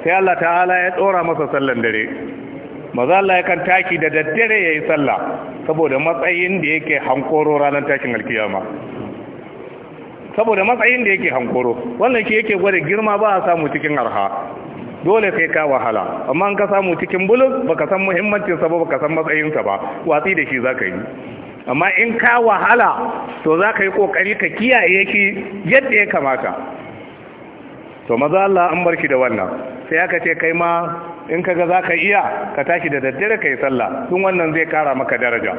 sai Allah ta'ala ya tsora masa sallan dare maza Allah ya kan taki da daddare ya yi sallah saboda matsayin da yake hankoro ranar takin alkiyama saboda matsayin da yake hankoro wannan shi yake gwada girma ba a samu cikin arha dole sai ka wahala amma an ka samu cikin bulus baka san sa ba baka san matsayinsa ba watsi da shi zaka yi amma in ka wahala to zaka yi kokari ka kiyaye shi yadda ya kamata to maza Allah an barki da wannan sai aka ce kai ma in kaga zaka iya ka tashi da daddare kai sallah tun wannan zai kara maka daraja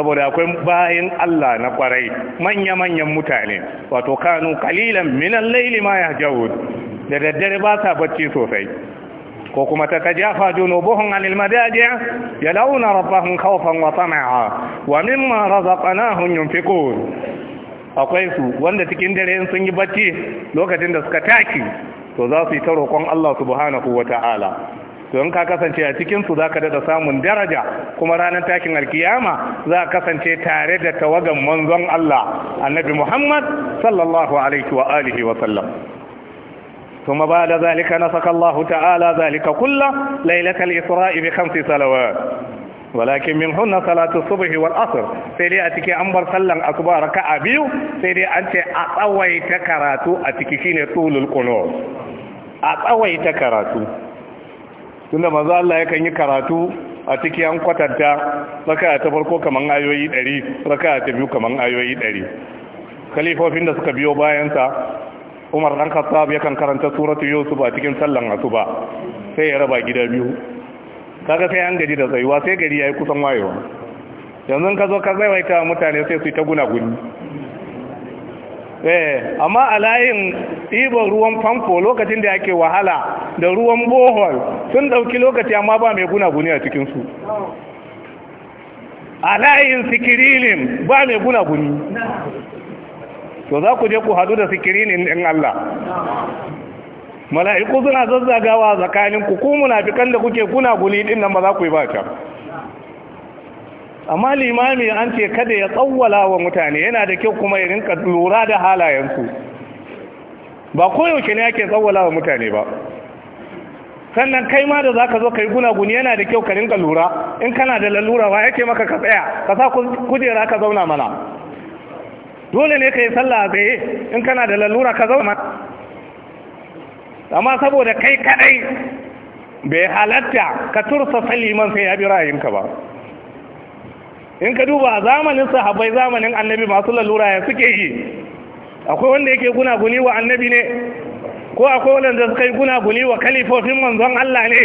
saboda akwai bayan Allah na kwarai manya-manyan mutane wato kanu kalilan minan laili ma yahjud da daddare ba sa bacci sosai ko kuma ta kajafa junubuhum anil madaji yalawna rabbahum khawfan wa tama'a wa mimma razaqnahum yunfiqun akwai su wanda cikin dare sun yi bacci lokacin da suka taki to za su yi ta roƙon Allah subhanahu wata'ala don ka kasance a cikinsu za ka daɗa samun daraja kuma ranar takin alkiyama za ka kasance tare da tawagan manzon Allah annabi Muhammad sallallahu alaihi wa alihi wa sallam ثم بعد ذلك نسك الله تعالى ذلك كله ليلة الإسراء بخمس صلوات ولكن منهن صلاة الصبح والعصر سيدي أتكي أنبر صلى أصبح ركعة بيو سيدي أنت أطوي تكراتو أتكي شين طول القنوط أطوي تكراتو tunda manzo Allah yakan yi karatu a ciki an kwatanta raka'a ta farko kaman ayoyi 100 raka'a ta biyu kaman ayoyi 100 khalifofin da suka biyo bayan sa Umar dan Khattab yakan karanta suratu Yusuf a cikin sallan asuba sai ya raba gida biyu kaga sai an gaji da tsayuwa sai gari yayi kusan wayewa yanzu ka zo ka zaiwaita mutane sai su ta guna guni Eh, amma a layin ɗiban ruwan famfo lokacin da yake wahala da ruwan bohol sun ɗauki lokaci amma ba mai guna-guni a cikinsu a layin sikirinin ba mai guna-guni to za ku je ku hadu da sikirinin ɗin Allah mala'iku suna zazzagawa tsakaninku ku munafikan da kuke guna-guni ɗin nan ba za ku yi ba can amma limami an ce kada ya tsawwala wa mutane yana da kyau kuma ya ka lura da halayensu ba koyaushe ne ake tsawwala wa mutane ba sannan kai ma da za ka zo ka guna gunaguni yana da kyau ka rinka lura in kana da lalura ba yake maka ka tsaya ka sa kujera ka zauna mana dole ne ka yi sallah tsaye in kana da lalura ka zauna amma saboda kai kadai bai halatta ka tursa saliman sai ya bi ra'ayinka ba in ka duba zamanin sahabbai zamanin annabi masu lalura ya suke yi akwai wanda yake guna guni wa annabi ne ko akwai wanda suka yi guna guni wa kalifofin manzon Allah ne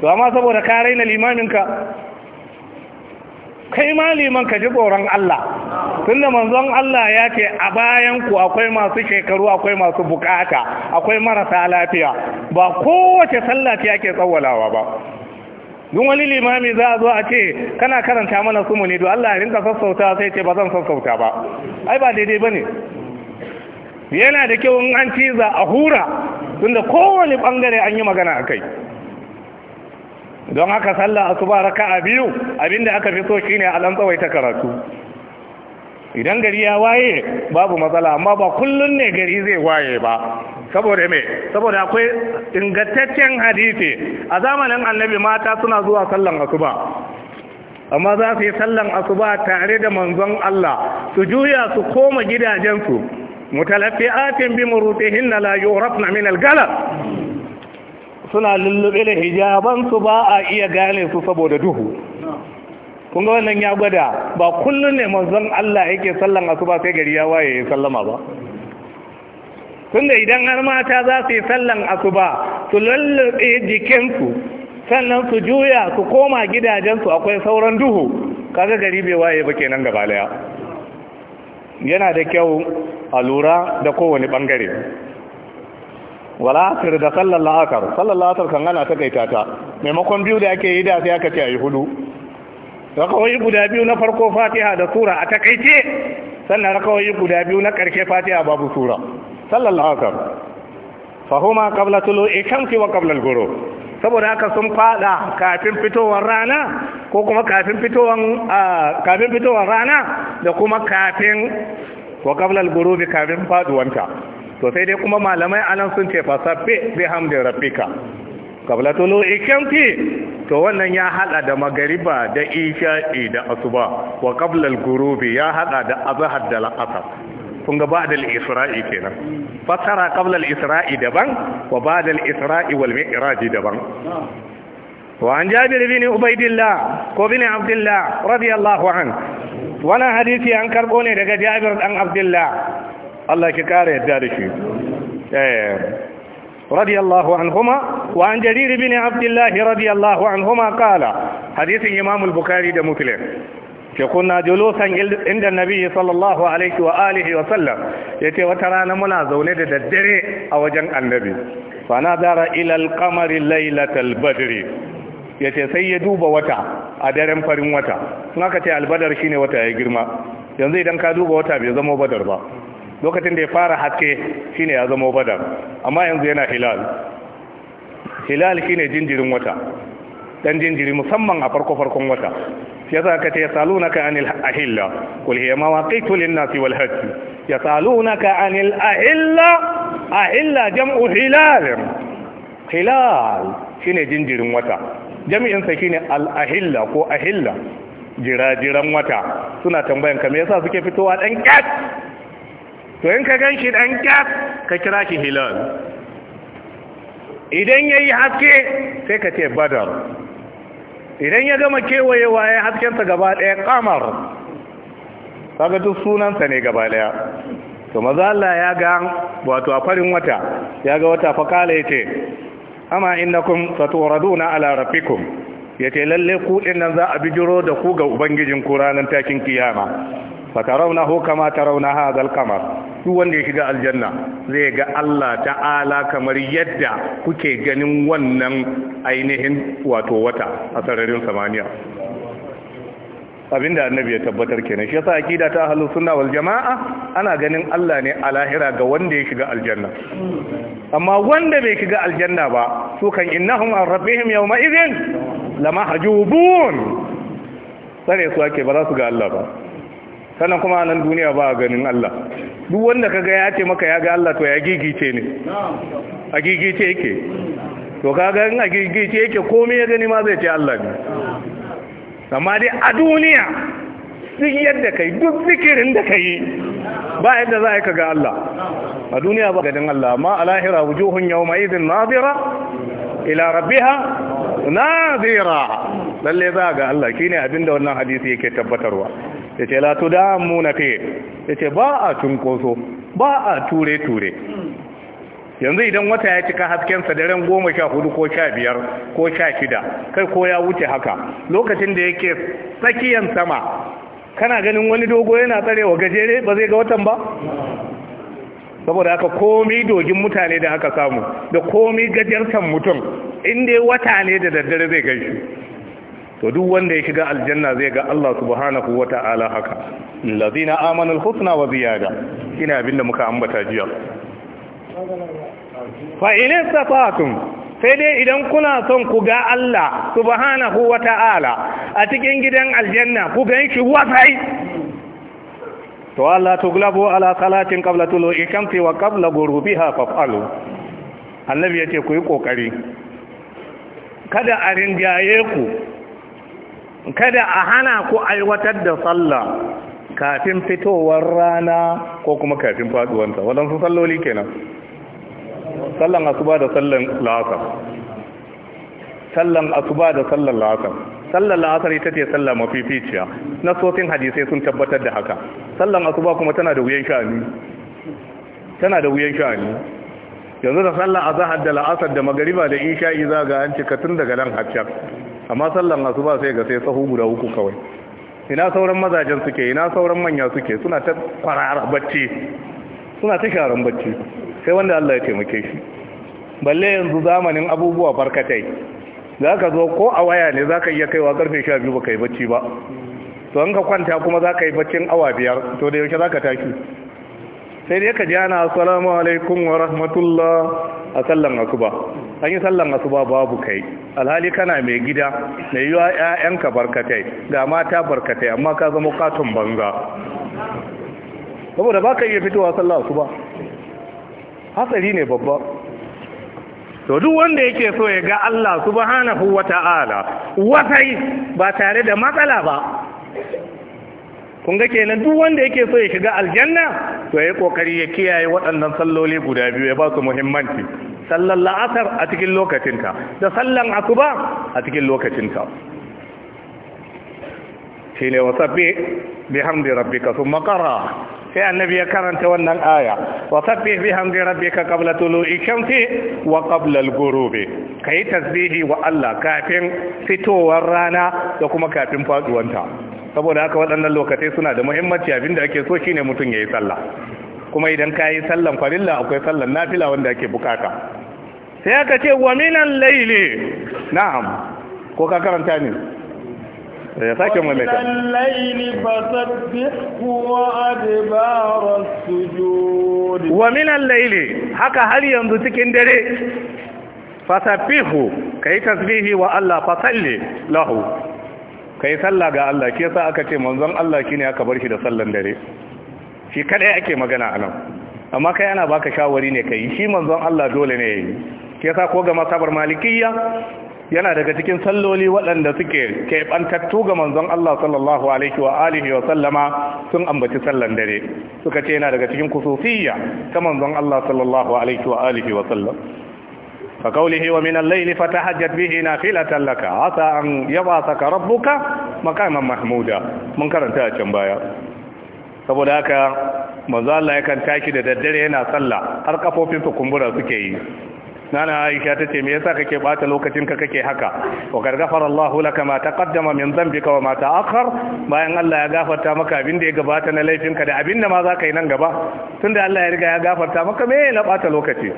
to amma saboda ka raina limaminka kai ma liman ka ji tsoron Allah tunda manzon Allah ya ce a bayan ku akwai masu shekaru akwai masu bukata akwai marasa lafiya ba kowace sallah ta yake tsawalawa ba dun wani limami za a zo a ce kana karanta mana su ne don Allah ya rinka sassauta sai ce ba zan sassauta ba ai ba daidai ba ne yana da kyau in an ciza a hura tunda kowane bangare an yi magana a kai don haka sallah a raka a biyu abinda aka fi so shine a ɗan tsawaita karatu idan gari ya waye babu matsala amma ba kullun ne gari zai waye ba saboda me saboda akwai ingantaccen hadisi a zamanin annabi mata suna zuwa sallan asuba amma za su yi sallan asuba tare da manzon Allah su juya su koma gidajensu mutalaffiatin bi murutihinna la yurafna min al suna lullube da hijabansu ba a iya gane su saboda duhu kun ga wannan ya gwada ba kullum ne manzon Allah yake sallan asuba sai gari ya waye ya sallama ba tunda idan har mata za su yi sallan asuba su lallabe jikinsu sannan su juya su koma gidajensu akwai sauran duhu kaga gari bai waye ba kenan gaba daya yana da kyau a lura da kowane bangare wala asir da sallar la'akar sallar la'akar kan ana takaita ta maimakon biyu da ake yi da sai aka ce a hudu rakawoyi guda biyu na farko fatiha da sura a takaice sannan rakawoyi guda biyu na ƙarshe fatiha babu sura sallallahu alaihi fahuma qabla tulu'i shamsi wa qabla al saboda haka sun fada kafin fitowar rana ko kuma kafin fitowar kafin fitowar rana da kuma kafin wa qabla al bi kafin faduwanta to sai dai kuma malamai anan sun ce fasabbi bihamdi rabbika qabla tulu'i shamsi to wannan ya hada da magariba da isha'i da asuba wa qabla al-ghurubi ya hada da azhar da al kun ga badal al-isra'i kenan fasara qabla al-isra'i daban wa badal al-isra'i wal mi'raj daban wa an jabir bin ubaydillah ko bin abdullah radiyallahu an wannan hadisi an karbo ne daga jabir dan abdullah Allah ki kare yadda da shi eh رضي الله عنهما وعن جرير بن عبد الله رضي الله عنهما قال حديث إمام البخاري ده مسلم كنا جلوسا عند النبي صلى الله عليه وآله وسلم يتي وترانا منا زونه ده الدري أو جن النبي فنظر إلى القمر ليلة البدر yace sai ya duba wata a daren farin wata in aka ce albadar shine wata ya girma yanzu idan ka duba wata bai zama badar ba lokacin da ya fara haske shine ya zama badar amma yanzu yana hilal hilal shine jinjirin wata dan jinjiri musamman a farko farkon wata yasa ka ce yasalunaka anil ahilla qul hiya mawaqitu lin-nasi wal hajj yasalunaka anil ahilla ahilla jam'u hilal hilal shine jinjirin wata jami'in sa shine al ahilla ko ahilla Jiran wata suna tambayan ka me yasa suke fitowa dan kat to in ka gan shi ɗan gas ka kira shi hilal idan ya yi haske sai ka ce badar idan ya gama kewayewa waye haskensa gaba ɗaya kamar kaga duk sunansa ne gaba ɗaya to maza Allah ya ga wato a farin wata ya ga wata fakala ya ce amma innakum saturaduna ala rabbikum yace lalle kuɗin nan za a bijiro da ku ga ubangijin ku ranar takin kiyama ho kama ha zal kama duk wanda ya shiga aljanna zai ga Allah ta'ala kamar yadda kuke ganin wannan ainihin wato wata a sararin samaniya abinda annabi ya tabbatar kenan shi yasa akida ta halu sunna wal jamaa ana ganin Allah ne a lahira ga wanda ya shiga aljanna amma wanda bai shiga aljanna ba su kan innahum an rabbihim yawma idhin lamahjubun sare su ake ba za su ga Allah ba sannan kuma nan duniya ba a ganin Allah duk wanda kaga ya ce maka ya ga Allah to ya gigice ne a gigice yake to kaga in a gigice yake komai ya gani ma zai ce Allah ne amma dai a duniya duk yadda kai duk zikirin da kai ba yadda za ka ga Allah a duniya ba gadin Allah amma a lahira wujuhun ma izin nazira ila rabbiha nazira lalle za ga Allah shine abinda wannan hadisi yake tabbatarwa ya ce latu damu na ke ya ce ba a cunkoso ba a ture-ture yanzu idan wata ya cika haskensa daren goma sha hudu ko sha biyar ko sha shida kai ko ya wuce haka lokacin da yake tsakiyan sama kana ganin wani dogo yana tsarewa gajere ba zai ga watan ba saboda haka komi dogin mutane da haka samu da komi gajartan mutum inda wata ne da daddare zai gaishe to duk wanda ya shiga aljanna zai ga Allah subhanahu wata'ala haka allazina amanu alhusna wa ziyada ina abinda muka ambata jiya fa in istata'tum sai dai idan kuna son ku ga Allah subhanahu wata'ala a cikin gidan aljanna ku ganshi wasai to Allah tuglabu ala salatin qabla tulu'i shamsi wa qabla ghurubiha faf'alu annabi yace ku yi kokari kada a rinjaye ku kada a hana ku aiwatar da sallah kafin fitowar rana ko kuma kafin faduwanta waɗansu salloli kenan sallan asuba da sallan la'asar sallan asuba da sallan la'asar sallan la'asar ita ce sallah mafificiya sosin hadisai sun tabbatar da haka sallan asuba kuma tana da wuyan sha'ani tana da wuyan sha'ani yanzu da sallan azahar da la'asar da magariba da isha'i za ga an cika tun daga nan haccar. amma sallan asuba sai ga sai tsaho guda uku kawai ina sauran mazajen suke ina sauran manya suke suna ta kwarara bacci suna ta sharan bacci sai wanda Allah ya taimake shi balle yanzu zamanin abubuwa barkatai za ka zo ko a waya ne za ka iya kaiwa karfe sha biyu ba ka yi bacci ba to an ka kwanta kuma za ka yi baccin awa biyar to da yaushe za ka tashi sai dai ka ji ana salamu alaikum wa rahmatullah a sallan asuba an yi sallan asuba babu kai alhali kana mai gida mai wa ƴaƴanka barkatai ga mata barkatai amma ka zama katon banza saboda ba baka iya fitowa sallan asuba hatsari ne babba to duk wanda yake so ya ga Allah subhanahu wata'ala wasai ba tare da matsala ba kun ga kenan duk wanda yake so ya shiga aljanna to yayi kokari ya kiyaye waɗannan salloli guda biyu ya ba su muhimmanci sallan la'asar a cikin lokacinta da sallan asuba a cikin lokacinta shine wasabbi bihamdi rabbika thumma qara sai annabi ya karanta wannan aya wasabbi ka rabbika qabla tulu'i shamsi wa qabla al-ghurubi kai tasbihi wa Allah kafin fitowar rana da kuma kafin faduwanta saboda haka waɗannan lokacin suna da muhimmanci abinda ake so shine mutum yayi sallah kuma idan ka yi sallan farilla akwai sallan nafila wanda ake bukata sai aka ce wa minan laili na'am ko ka karanta ne ya eh, sake mallaka minan laili fasabbihu wa adbara sujud wa minan laili haka har yanzu cikin dare fasabbihu kai tasbihi wa Allah fasalli lahu ka yi sallah ga Allah ke sa aka ce manzon Allah shi ne aka bar shi da sallan dare shi kaɗai ake magana anan amma kai yana baka shawari ne ka yi shi manzon Allah dole ne ya yi ke sa ko ga masabar malikiyya yana daga cikin salloli waɗanda suke keɓantattu ga manzon Allah sallallahu alaihi wa alihi wa sallama sun ambaci sallan dare suka ce yana daga cikin kususiyya ta manzon Allah sallallahu alaihi wa alihi wa sallam ka kaulihi wa min al-layli fatahajjat bihi tallaka, laka asa an yabasaka rabbuka maqaman mahmuda mun karanta a can baya saboda haka manzo Allah yakan taki da daddare yana sallah har kafofin su kumbura suke yi nana aisha ta ce me yasa kake bata lokacin ka kake haka wa kad ghafara Allah laka ma taqaddama min dhanbika wa ma ta'akhkhar bayan Allah ya gafarta maka abin da ya gabata na laifinka da abin da ma za ka yi nan gaba tunda Allah ya riga ya gafarta maka me na bata lokaci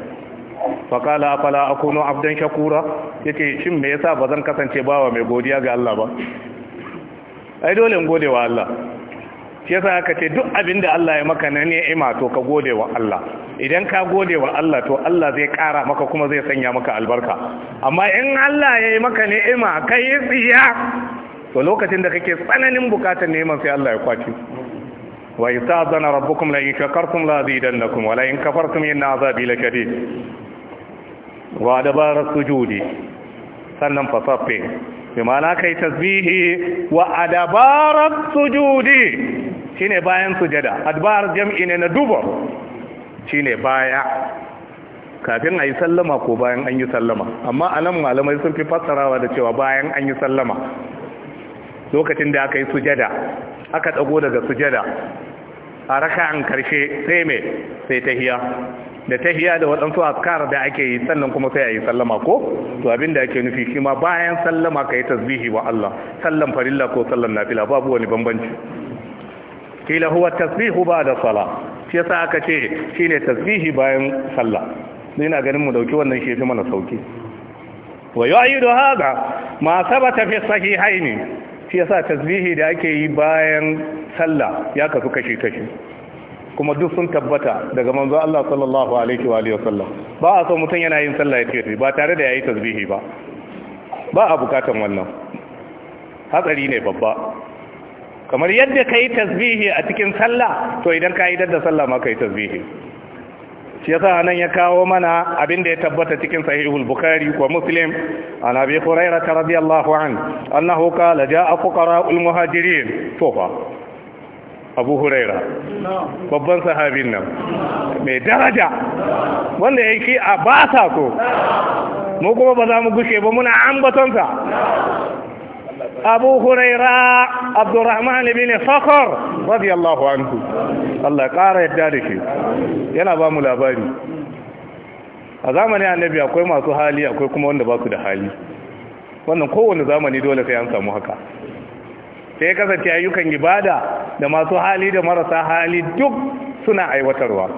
faƙala a kuno abdan shakura ce shin me yasa bazan kasance bawa mai godiya ga Allah ba ai dole in gode wa Allah shi yasa aka ce duk abin da Allah ya maka na ni'ima to ka gode wa Allah idan ka gode wa Allah to Allah zai ƙara maka kuma zai sanya maka albarka amma in Allah ya yi maka ni'ima yi tsiya to lokacin da kake tsananin bukatar neman sai Allah ya kwaci wa zana rabbukum la in shakartum la azidannakum wa la in kafartum inna azabi lakadid wa dabarar sujudi sannan fasaffe bi kai tasbihi wa adabarar sujudi shine bayan sujada adbar jam'i ne na dubar shine baya kafin a yi sallama ko bayan an yi sallama amma a nan malamai sun fi fassarawa da cewa bayan an yi sallama lokacin da aka yi sujada aka tsago daga sujada a raka'an karshe sai mai sai tahiya da tahiya da waɗansu askar da ake yi sannan kuma sai a yi sallama ko to abin da ake nufi shi ma bayan sallama ka yi tasbihi wa Allah sallan farilla ko sallan nafila babu wani bambanci kila huwa tasbihu ba da sala shi yasa aka ce shine tasbihi bayan sallah ina ganin mu dauki wannan shi fi mana sauki wa yu'ayyidu hadha ma sabata fi sahihaini shi yasa tasbihi da ake yi bayan sallah ya kasu kashi kashi kuma duk sun tabbata daga manzo Allah sallallahu alaihi wa sallam ba a so mutum yana yin sallah ya ce ba tare da yayi tasbihi ba ba a bukatan wannan hatsari ne babba kamar yadda ka yi tasbihi a cikin sallah to idan ka yi da sallah ma ka yi tasbihi shi yasa nan ya kawo mana abin da ya tabbata cikin sahihul bukhari wa muslim an abi hurairah radiyallahu an annahu qala jaa fuqara'ul muhajirin to fa abu huraira babban sahabin nan mai daraja wanda ya ki a ba sa ko mu kuma ba za mu gushe ba muna ambatonsa abu huraira abdurrahman bin fakhr radiyallahu anhu Allah ƙara yadda da shi yana ba mu labari a zamani annabi akwai masu hali akwai kuma wanda ba su da hali wannan kowane zamani dole sai an samu haka sai kasance ayyukan ibada da masu hali da marasa hali duk suna aiwatarwa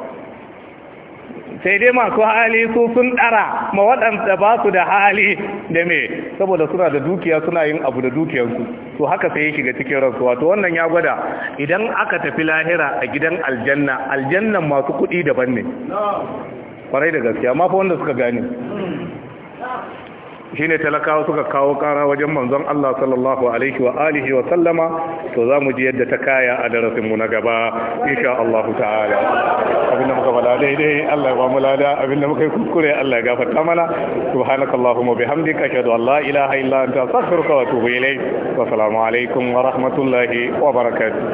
sai dai masu hali su sun ɗara ma waɗanda ba su da hali da me saboda suna da dukiya suna yin abu da dukiyarsu to haka sai ya shiga cikin ransu wato wannan ya gwada idan aka tafi lahira a gidan aljanna aljannan masu kuɗi daban ne kwarai da gaskiya ma fa wanda suka gane shine talakawa suka kawo kara wajen manzon Allah sallallahu alaihi wa alihi wa sallama to zamu ji yadda ta kaya a darasin mu na gaba insha Allah ta'ala abinda muka bala daidai Allah ya ba mu lada abinda muka yi kuskure Allah ya gafarta mana subhanakallahumma bihamdika ashhadu an la ilaha illa anta astaghfiruka wa atubu ilayk wa assalamu alaikum wa rahmatullahi wa barakatuh